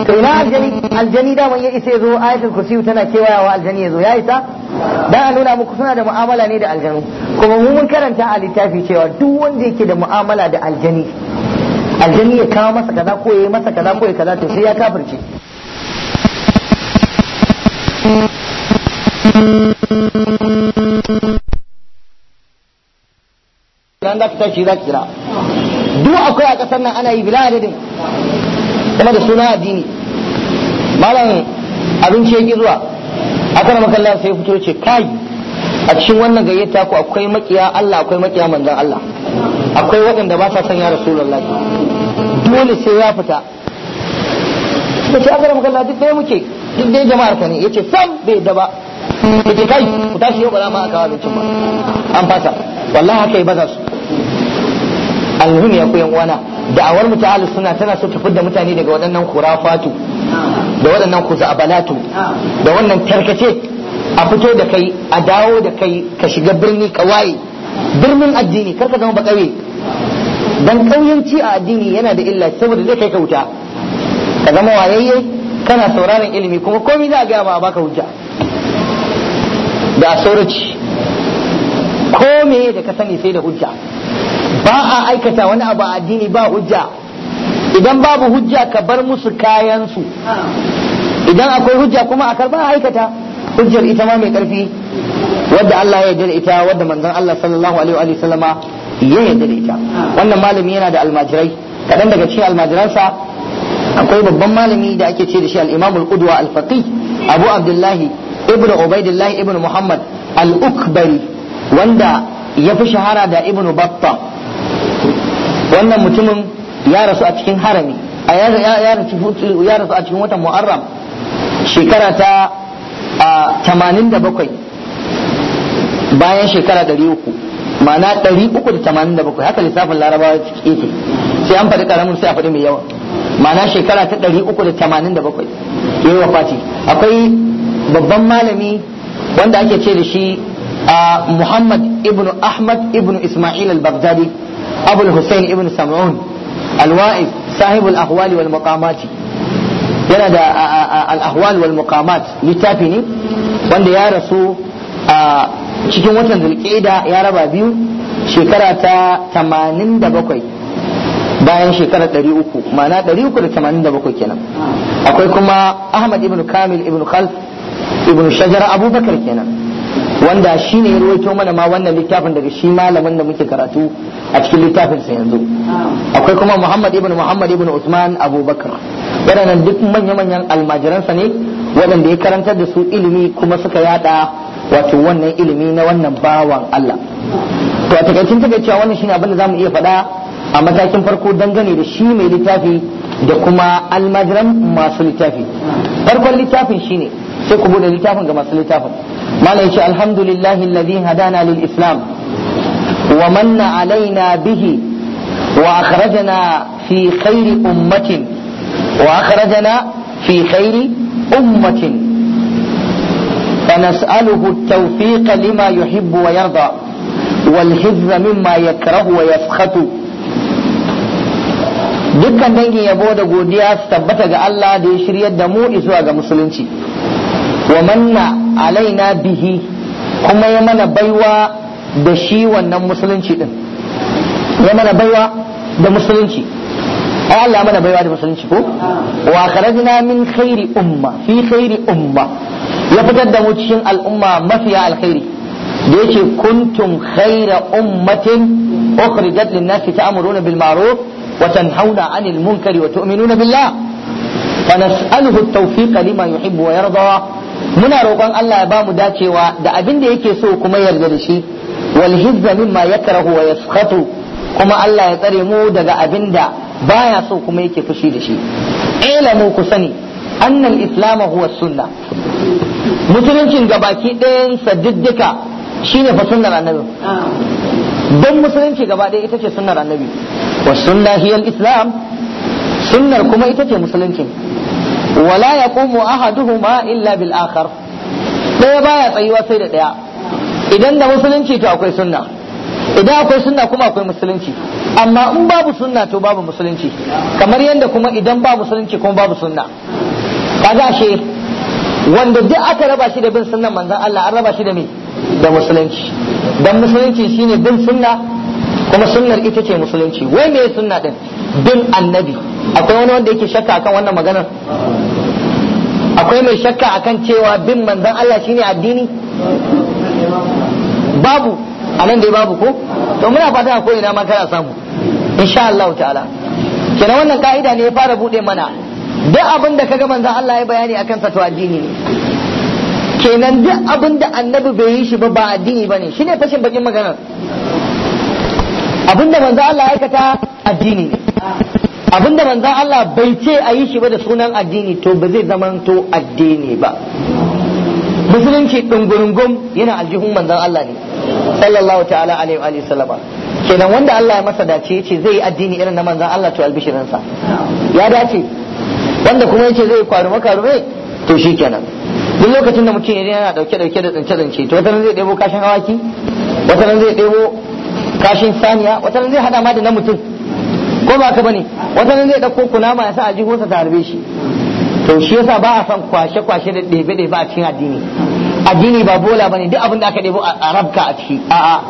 to ina aljani aljani da ya isa ya zo ayatul kursi tana kewayawa aljani ya zo ya isa da a nuna muku suna da mu'amala ne da aljanu kuma mu mun karanta a littafi cewa duk wanda yake da mu'amala da aljani aljani ya kawo masa kaza ko ya yi masa kaza ko ya kaza to sai ya kafirce sannan za ta tashi za ki kira duk akwai a ƙasar nan ana yi bila adadin kuma da suna addini malam abinci ya zuwa aka na makalla sai fito ce kai a cikin wannan gayyata ku akwai makiya Allah akwai makiya manzon Allah akwai waɗanda ba sa son ya rasulullahi dole sai ya fita da ce aka makalla duk ɗaya muke duk dai jama'ar ka ne yace sam bai daba ya ce kai ku tashi yau ba za a kawo abincin ba an fasa wallahi haka yi baza su alhum ya koyan wana da'awar mu ta tana so ta fidda mutane daga waɗannan khurafatu da waɗannan a'balatu, da wannan tarkace a fito da kai a dawo da kai ka shiga birni ka waye birnin addini karka zama ba kauye dan kauyanci a addini yana da illa saboda zai kai ka wuta ka zama wayayye kana sauraron ilimi kuma komai za a gaya ma a baka hujja da sauraci ko me da ka sani sai da hujja ba a aikata wani abu a addini ba hujja idan babu hujja ka bar musu kayansu idan akwai hujja kuma a karba a aikata hujjar ita ma mai karfi wadda Allah ya yarda da ita wadda manzon Allah sallallahu alaihi wa sallama ya yarda da ita wannan malami yana da almajirai kadan daga cikin almajiransa akwai babban malami da ake ce da shi al-Imam al-Qudwa al-Faqih Abu Abdullahi Ibn Ubaidillah Ibn Muhammad al-Ukbari wanda ya fi shahara da Ibn Battah wannan mutumin ya rasu a cikin harami a ya rasu a cikin watan mu'arram shekara ta tamanin da bakwai bayan shekara dari uku ma'ana bakwai haka lissafin larabawa yake sai an faɗi karamin sai a faɗi mai yawa ma'ana shekara ta dari uku da da tamanin bakwai ya yi wafati akwai babban malami wanda ake ce da shi a Muhammad ibn Ahmad ibn Ismail al-Baghdadi أبو الحسين ابن سمعون الوائف صاحب الأهوال والمقامات yana da al'ahwal wal mukamat. littafi ne wanda ya rasu a cikin watan zulqida ya raba biyu shekara ta bayan shekara 300 ma'ana 387 kenan akwai kuma ahmad ibn kamil ibn khalf ibn shajara abubakar kenan wanda shine ya ruwaito mana ma wannan littafin daga shi malamin da muke karatu a cikin littafin littafinsa yanzu akwai kuma muhammad ibn muhammad ibn usman abubakar waɗannan duk manya-manyan almajiransa ne waɗanda ya karantar da su ilimi kuma suka yada wato wannan ilimi na wannan bawan allah to a takaicin takaicewa wannan shine abin da zamu iya faɗa a matakin farko dangane da shi mai littafi da kuma almajiran masu littafi farkon littafin shine sai ku bude littafin ga masu littafin malam yace alhamdulillahi alladhi hadana lil islam ومن علينا به وأخرجنا في خير أمة وأخرجنا في خير أمة فنسأله التوفيق لما يحب ويرضى والحفظ مما يكره ويسخط dukkan dangin yabo da godiya su tabbata ga Allah da ya shiryar da mu zuwa ga musulunci wa manna alaina bihi kuma ya mana baiwa da shi wannan musulunci din ya mana baiwa da musulunci ai Allah mana baiwa da musulunci ko wa kharajna min khairi umma fi khairi umma ya fitar da mu cikin al'umma mafiya alkhairi da yake kuntum khaira ummatin ukhrijat lin-nasi ta'muruna bil ma'ruf wa tanhauna 'anil munkari wa tu'minuna billah فنسأله التوفيق لما يحب ويرضى muna roƙon Allah ya ba mu dacewa da abin da yake so kuma yarda da shi wal ma mimma yakrahu wa yaskhatu kuma Allah ya tsare mu daga abinda baya so kuma yake fushi da shi ilamu ku sani annal islamu huwa sunna musuluncin gabaki ɗayan diddika shine fa sunnar don musulunci gaba ɗaya ita ce sunnar annabi wa islam kuma ita ce musulunci wala yaqumu ahaduhuma illa bil ɗaya baya tsayuwa sai da ɗaya idan da musulunci to akwai sunna idan akwai sunna kuma akwai musulunci amma in babu sunna to babu musulunci kamar yadda kuma idan babu musulunci kuma babu sunna kaga shi wanda duk aka raba shi da bin sunnan manzon Allah an raba shi da me da musulunci dan musulunci shine bin sunna kuma sunnar ita ce musulunci wai me sunna din bin annabi akwai wani wanda yake shakka akan wannan maganar akwai mai shakka akan cewa bin manzon Allah shine addini babu a nan dai babu ko to muna fata ko ina ma kana samu insha Allah ta'ala kenan wannan ka'ida ne ya fara bude mana duk abin da kaga manzon Allah ya bayani akan sa to addini ne kenan duk abin da annabi bai yi shi ba ba addini bane shine fashin bakin maganar abin da manzon Allah ya aikata addini ne abin da manzon Allah bai ce a yi shi ba da sunan addini to ba zai zama to addini ba musulunci dungurungum yana aljihun manzon Allah ne sallallahu ta'ala alaihi wa sallama kenan wanda Allah ya masa dace yace zai yi addini irin na manzon Allah to albishirinsa ya dace wanda kuma yace zai kwarume kwarume to shikenan duk lokacin da mutum yana dauke dauke da tsince tsince to wata zai debo kashin awaki wata zai debo kashin saniya wata zai hada ma da na mutum ko ba ka bane wata zai dauko kunama ya sa a jihunsa ta harbe shi to shi yasa ba a son kwashe kwashe da ɗebe ɗebe a cikin addini addini ba bola bane duk abin da aka ɗebo a rabka a ciki a'a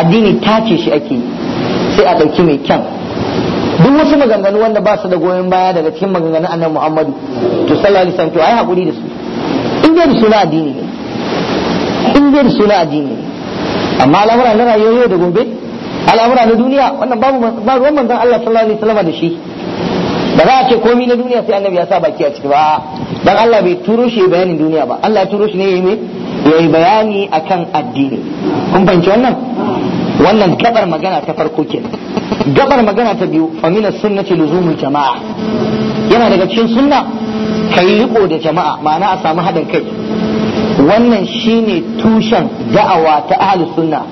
addini tace shi ake sai a ɗauki mai kyan duk wasu maganganu wanda ba su da goyon baya daga cikin maganganun annabi Muhammadu to sallallahu alaihi wasallam to ai hakuri da su in dai da suna addini ne in dai da suna addini ne amma al'amura na rayuwa da gobe al'amura na duniya wannan babu ba ruwan manzon Allah sallallahu alaihi wasallam da shi ba za a ce komi na duniya sai annabi ya sa baki a ciki ba dan Allah bai turo shi bayanin duniya ba Allah ya turo shi ne yayi yayi bayani akan addini kun fahimci wannan wannan gabar magana ta farko kenan gabar magana ta biyu fa min sunnati luzumul jama'a yana daga cikin sunna kai riko da jama'a ma'ana a samu haɗin kai wannan shine tushen da'awa ta ahlus sunna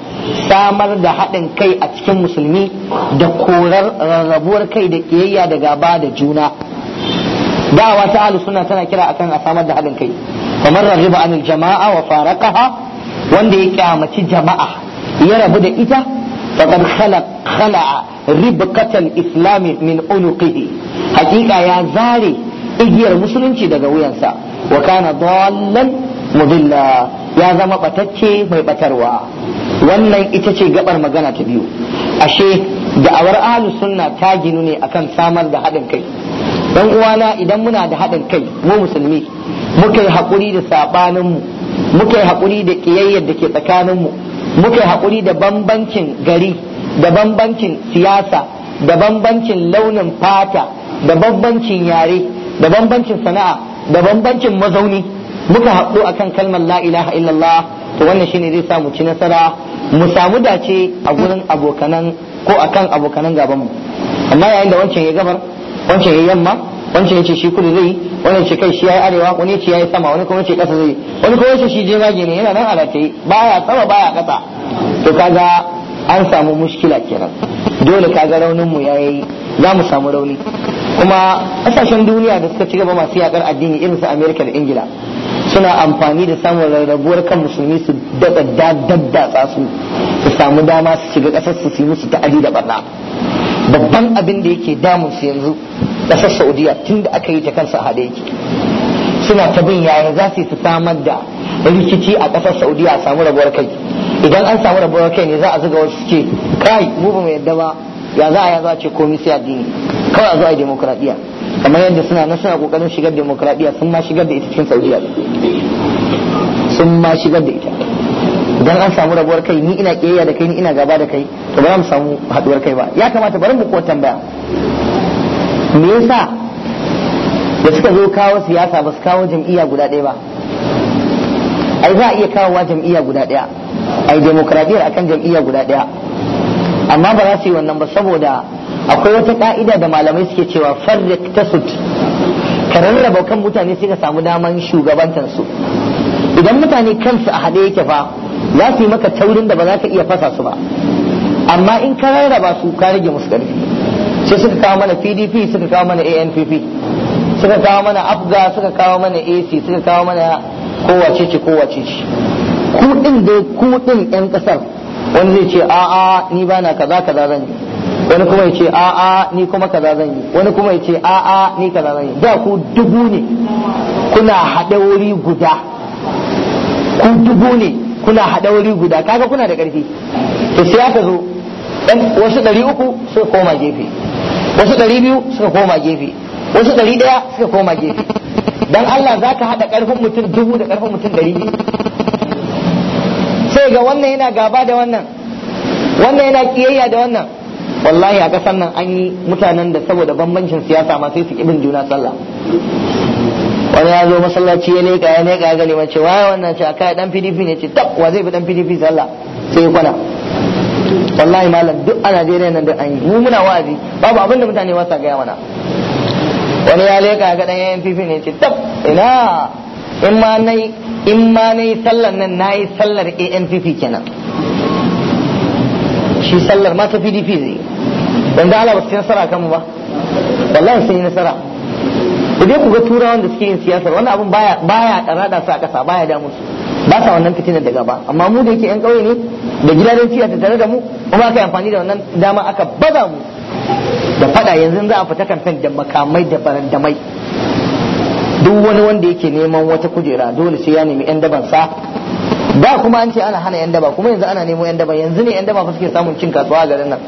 samar da haɗin kai a cikin musulmi da korar rarrabuwar kai da ƙiyayya da gaba da juna da'awa ta ahlus sunna tana kira akan a samar da haɗin kai kamar rarriba anil jama'a wa faraqaha wanda ya kyamaci jama'a ya rabu da ita faqad khala'a ribqatal islami min unuqihi haƙiƙa ya zare igiyar musulunci daga wuyansa wa kana dallan mudilla ya zama batacce mai batarwa wannan ita ce gabar magana ta biyu ashe da'awar ahlu sunna ta ginu ne akan samar da haɗin kai dan uwana idan muna da haɗin kai mu musulmi muka yi haƙuri da saɓaninmu muka yi haƙuri da ƙiyayyar da ke tsakaninmu muka yi haƙuri da bambancin gari da bambancin siyasa da bambancin launin fata da bambancin yare da bambancin sana'a da bambancin mazauni muka haɗu akan kalmar la ilaha illallah to wannan shine zai samu ci nasara mu samu dace a gurin abokanan ko akan abokanan gaban mu amma yayin da wancan ya gabar wancan ya yamma wancan ya ce shi kudu zai wannan ce kai shi yayi arewa wani ce yayi sama wani kuma ce kasa zai wani kuma ce shi jemage ne yana nan a rataye baya sama baya kasa to kaga an samu mushkila kenan dole kaga raunin mu yayi za mu samu rauni kuma kasashen duniya da suka ci gaba masu yakar addini irin su amerika da ingila suna amfani da samun rarrabuwar kan musulmi su daɗa daddatsa su su samu dama su shiga ƙasar su su musu ta'adi da barna babban abin da yake damun su yanzu ƙasar saudiya tun da aka yi ta kansa haɗe yake suna ta bin yaya za su yi su samar da rikici a ƙasar saudiya a samu rabuwar kai idan an samu rabuwar kai ne za a zuga wasu suke kai mu ba mu yadda ba ya za a ya zace ce komai sai addini kawai a zo a yi demokradiyya kamar yadda suna na suna kokarin shigar demokuraɗiyya sun ma shigar da ita cikin saudiya sun ma shigar da ita idan an samu rabuwar kai ni ina kiyayya da kai ni ina gaba da kai to ba mu samu haduwar kai ba ya kamata bari mu ko tambaya me yasa da suka zo kawo siyasa ba su kawo jam'iyya guda ɗaya ba ai za a iya kawowa jam'iyya guda ɗaya ai demokradiyyar akan jam'iyya guda ɗaya amma ba za su yi wannan ba saboda akwai wata ka'ida da malamai suke cewa farrik tasut ka rarraba kan mutane suka samu daman shugabantansu idan mutane kansu a haɗe yake fa za su yi maka taurin da ba za ka iya fasa su ba amma in ka rarraba su ka rage musu ƙarfi sai suka kawo mana pdp suka kawo mana anpp suka kawo mana afga suka kawo mana ac suka kawo mana kowace ce kowace ce kudin ɗin kudin 'yan kasar. wani zai ce a'a ni bana kaza kaza zan yi wani kuma ya ce a'a ni kuma kaza zan yi wani kuma ya ce a'a ni kaza zan yi da ku dubu ne kuna hada wuri guda ku dubu ne kuna hada wuri guda kaga kuna da ƙarfi to sai aka zo wasu ɗari uku suka koma gefe wasu ɗari biyu suka koma gefe wasu ɗari ɗaya suka koma gefe dan Allah za hada haɗa ƙarfin mutum dubu da ƙarfin mutum ɗari sai ga wannan yana gaba da wannan wannan yana kiyayya da wannan wallahi a kasan nan an yi mutanen da saboda bambancin siyasa ma sai su kibin juna sallah wani ya zo masallaci ya leka ya leka ya gani mace waye wannan ce akai dan PDP ne ce tab wa zai bi dan PDP sallah sai kwana wallahi malam duk a Najeriya nan da an yi mu muna wa'azi babu abin da mutane wasa gaya mana wani ya leka ya ga dan NPP ne ce tab ina in ma yi in ma sallar nan nayi sallar ANPP kenan shi sallar ma ta PDP zai wanda Allah ba su nasara kanmu ba wallahi sun yi nasara idan ku ga turawan da suke yin siyasar wannan abun baya baya karada su a kasa baya da musu ba sa wannan fitina da gaba amma mu da yake yan kauye ne da gidajen siyasa siyasa tare da mu kuma aka yi amfani da wannan dama aka baza mu da fada yanzu za a fita kamfen da makamai da barandamai duk wani wanda yake neman wata kujera dole sai ya nemi yan daban sa da kuma an ce ana hana yan daba kuma yanzu ana nemo yan daba yanzu ne yan daba fa suke samun cin kasuwa a garin nan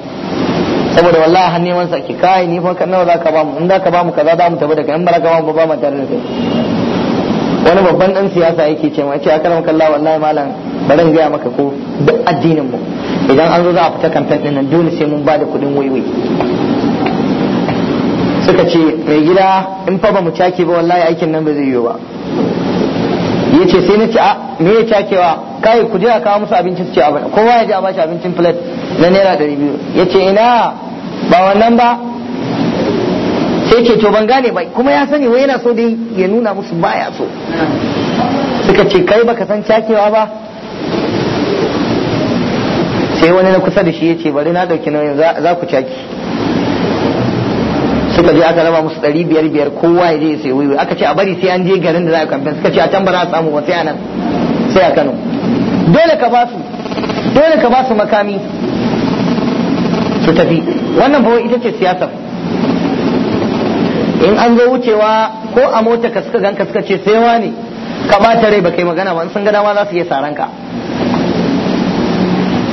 saboda wallahi har neman sa ke kai ni fa kan nawa zaka ba mu in zaka ba mu kaza za mu tabbata daga baraka ba mu ba ma tare da kai wani babban dan siyasa yake ce mai ce akaram kallah wallahi malam bari gaya maka ko duk addinin mu idan an zo za a fita kamfen din nan dole sai mun ba da kudin waiwai suka ce mai gida in fa ba mu cake ba wallahi aikin nan ba zai yiwu ba ya ce sai na ce a me ya cakewa kai ku je a kawo musu abincin su ce abin kowa ya je a bashi abincin plate na naira ɗari biyu ya ce ina ba wannan ba sai ce to ban gane ba kuma ya sani wai yana so dai ya nuna musu baya so suka ce kai baka san cakewa ba sai wani na kusa da shi ya ce bari na ɗauki nauyin za ku cake. suka je aka raba musu ɗari biyar biyar kowa ya je ya sayi wiwi aka ce a bari sai an je garin da za a kamfen suka ce a can ba za a samu ba sai a nan sai a kano dole ka ba su dole ka ba su makami su tafi wannan ba ita ce siyasar in an zo wucewa ko a mota ka suka ganka suka ce sai wani ka bata rai ba kai magana ba sun ga dama za su iya saran ka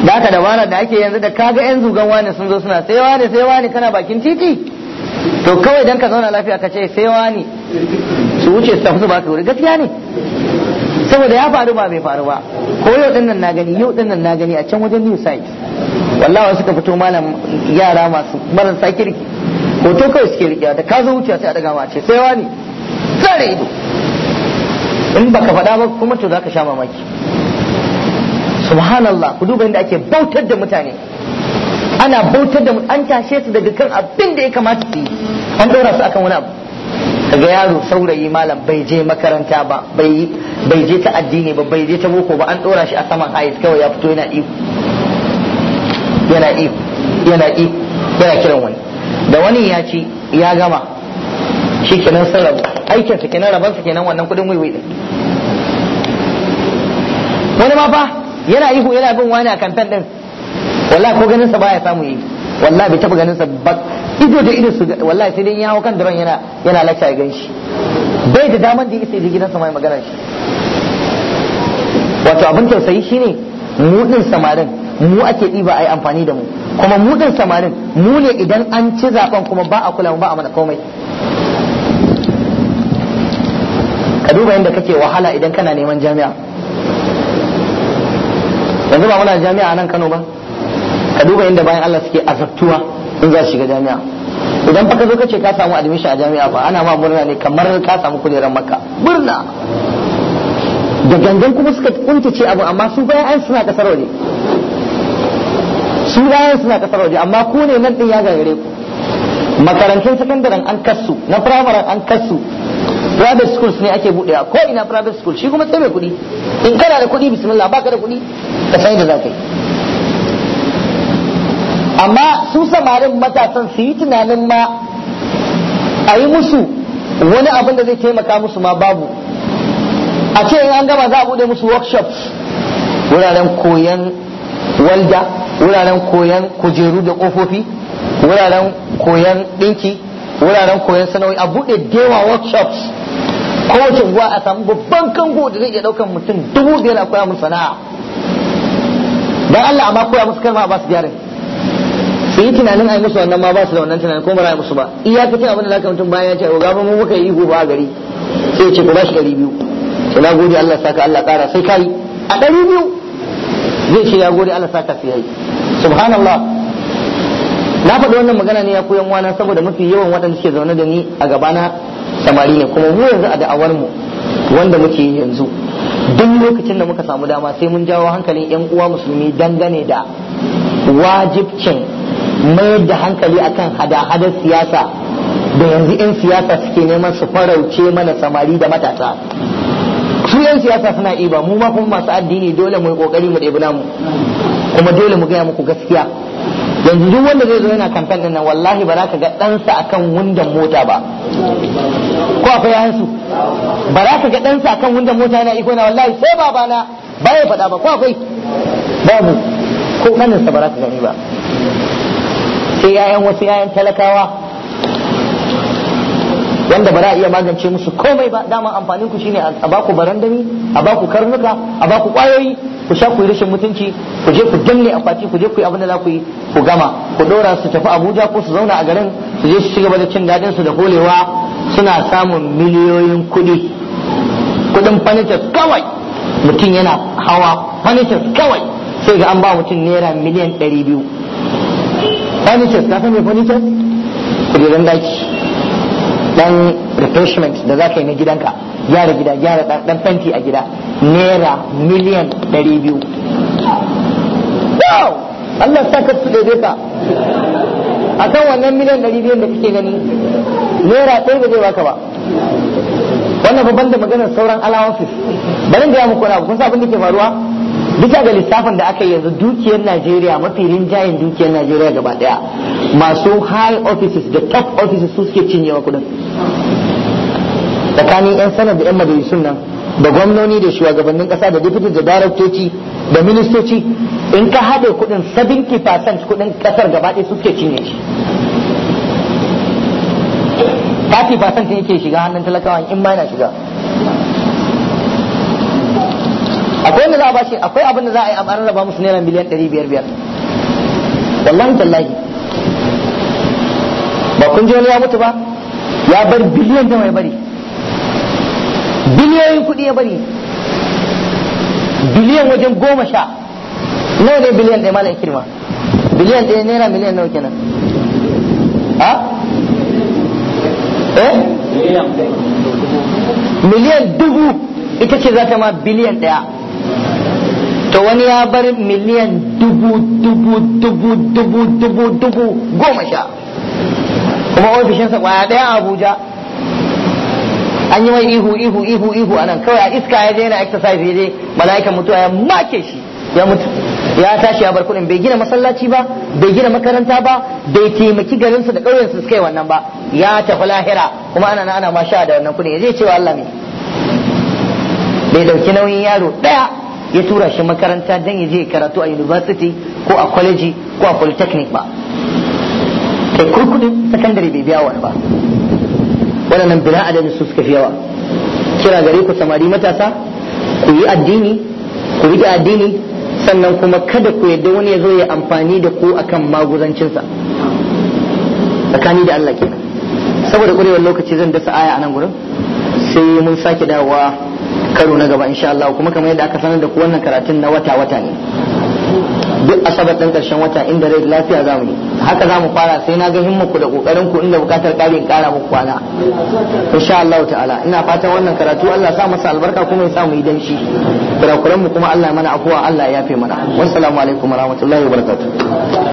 da aka dabara da ake yanzu da kaga yan zugan wani sun zo suna sai wani sai wani kana bakin titi to kawai dan ka zauna lafiya ka ce sai wani su wuce su tafi su ka wuri gaskiya ne saboda ya faru ba bai faru ba ko yau dinnan na gani yau dinnan na gani a can wajen new site wallahi suka fito malam yara masu marasa kirki hoto kawai suke riƙewa da ka zo wuce sai a daga ma ce sai wani tsare ido in baka faɗa ba kuma to zaka sha mamaki subhanallah ku duba inda ake bautar da mutane ana bautar da an tashe su daga kan abin da ya kamata su yi an ɗora su akan wani abu daga yaro saurayi malam bai je makaranta ba bai je ta addini ba bai je ta boko ba an ɗora shi a saman hayes kawai ya fito yana iko yana iko yana iko yana kiran wani da wani ya ci ya gama shi kenan sun rabu aikinsa kenan rabansa kenan wannan kudin waiwai din wani ma fa yana ihu yana bin wani a kamfen din wallahi ko ganin sa baya samu yi wallahi bai taba ganin sa ba ido da ido su wallahi sai dai ya kan daren yana yana lacca ya ganshi bai da daman da yake gidan sa mai magana shi wato abin tausayi shine mu din samarin mu ake diba ai amfani da mu kuma mu din samarin mu ne idan an ci zaben kuma ba a kula mu ba a mana komai ka duba yadda kake wahala idan kana neman jami'a yanzu ba muna jami'a nan Kano ba ka duba inda bayan Allah suke azabtuwa in za su shiga jami'a idan fa ka zo kace ka samu admission a jami'a fa ana ma murna ne kamar ka samu kujerar makka murna da gangan kuma suka kuntace abu amma su bayan an suna kasar waje su bayan suna kasar waje amma ku ne nan din ya gagare ku makarantun sakandaren an kasu na firamaren an kasu private schools ne ake buɗe ko ina private school shi kuma sai mai kuɗi in kana da kuɗi bismillah baka da kuɗi ka sai da zaka yi amma su samarin matasan su yi tunanin ma a yi musu wani abin da zai taimaka musu ma babu a ce an gama za a bude musu workshops wuraren koyan walda wuraren koyan kujeru da kofofi wuraren koyan ɗinki wuraren koyan sana'o'i a bude dewa workshops kowace uwa a samu babban kango da zai iya ɗaukan mutum dubu biyar a koya musu sana'a don Allah amma koya musu kalma ba su gyarin da yi tunanin yi musu wannan ma ba su da wannan tunanin kuma ba yi musu ba iyakacin abin da zaka mutum bayan ya ce ga gafa mu muka yi gobe a gari sai ya ce ku bashi ɗari biyu to na gode Allah sa ka Allah ƙara sai kai a ɗari biyu zai ce ya gode Allah ka sai yayi subhanallah na faɗi wannan magana ne ya koyan wana saboda mafi yawan waɗanda suke zaune da ni a gabana samari ne kuma mu yanzu a da'awar mu wanda muke yanzu duk lokacin da muka samu dama sai mun jawo hankalin yan uwa musulmi dangane da wajibcin mayar da hankali akan hada-hadar siyasa da yanzu 'yan siyasa suke neman su farauce mana samari da matasa su 'yan siyasa suna iba mu ma kuma masu addini dole mu yi kokari mu ɗebi namu kuma dole mu gaya muku gaskiya yanzu duk wanda zai zo yana kamfen din nan wallahi ba za ka ga ɗansa akan wundan mota ba ko akwai yayansu ba za ka ga ɗansa akan wundan mota yana iko na wallahi sai bana ba ya faɗa ba ko akwai babu ko ɗaninsa ba za ka gani ba sai yayan wasu yayan talakawa wanda ba za a iya magance musu komai ba dama amfanin ku shine a baku barandami a baku karnuka a baku kwayoyi ku sha ku yi rashin mutunci ku je ku danne akwati ku je ku yi abin da za ku yi ku gama ku dora su tafi Abuja ko su zauna a garin su je su ci gaba da cin dadin su da kolewa suna samun miliyoyin kuɗi kuɗin fanitas kawai mutum yana hawa fanitas kawai sai ga an ba mutum naira miliyan ɗari biyu furniture ka san me furniture kujeran daki dan refreshment da za ka yi na gidanka gyara gida gyara dan fenti a gida naira miliyan 200 biyu wow Allah sa ka daidai ka a kan wannan miliyan 200 da kake gani naira ɗaya ba zai baka ba wannan babban da maganar sauran allowances bari da ya muku na kun sa abin da ke faruwa bisa ga lissafin da aka yanzu dukiyar Najeriya mafi rinjayen dukiyar Najeriya gaba daya masu high offices da top offices su suke cinyewa kudin tsakanin yan sanar da yan majalisun nan da gwamnoni da shugabannin kasa da deputies da daraktoci da ministoci in ka haɗe kudin 70% kudin kasar gaba daya su suke cinye shi 30% yake shiga hannun talakawa in ma yana shiga akwai wanda za a bashi akwai abin da za a yi a rarraba musu naira miliyan 500 wallahi tallahi ba kun ji wani ya mutu ba ya bar biliyan da mai bari biliyoyin kuɗi ya bari biliyan wajen goma sha nawa ne biliyan ɗaya malam kirma biliyan ɗaya naira miliyan nawa kenan ha eh miliyan dubu ita ce za ta ma biliyan ɗaya to wani ya bar miliyan dubu dubu dubu dubu dubu dubu goma sha kuma ofishinsa kwaya daya a abuja an yi mai ihu ihu ihu ihu anan kawai a iska ya daina exercise ya je mala'ikan mutuwa ya make shi ya mutu ya tashi ya bar kuɗin bai gina masallaci ba bai gina makaranta ba bai taimaki garinsa da ƙauyensa suka kai wannan ba ya tafi lahira kuma ana ana ma sha da wannan kudin ya je cewa Allah ne bai ɗauki nauyin yaro ɗaya ya tura shi makaranta dan ya je karatu a university ko a college ko a polytechnic ba kai kurkudin secondary bai biya wani ba waɗannan bina adadin su suka fi yawa kira gare ku samari matasa ku yi addini ku riƙe addini sannan kuma kada ku yadda wani ya zo ya amfani da ku akan maguzancinsa tsakani da Allah kenan saboda ƙurewar lokaci zan dasa aya a nan gurin sai mun sake dawowa karo na gaba insha Allah kuma kamar yadda aka sanar da ku wannan karatun na wata wata ne duk asabar ɗin ƙarshen wata inda rai lafiya za mu yi haka za mu fara sai na ga ku da ƙoƙarin ku inda buƙatar ƙari in ƙara muku kwana insha Allah ta'ala ina fatan wannan karatu Allah sa masa albarka kuma ya sa mu yi dan shi mu kuma Allah mana afuwa Allah ya yafe mana wassalamu alaikum warahmatullahi wabarakatuh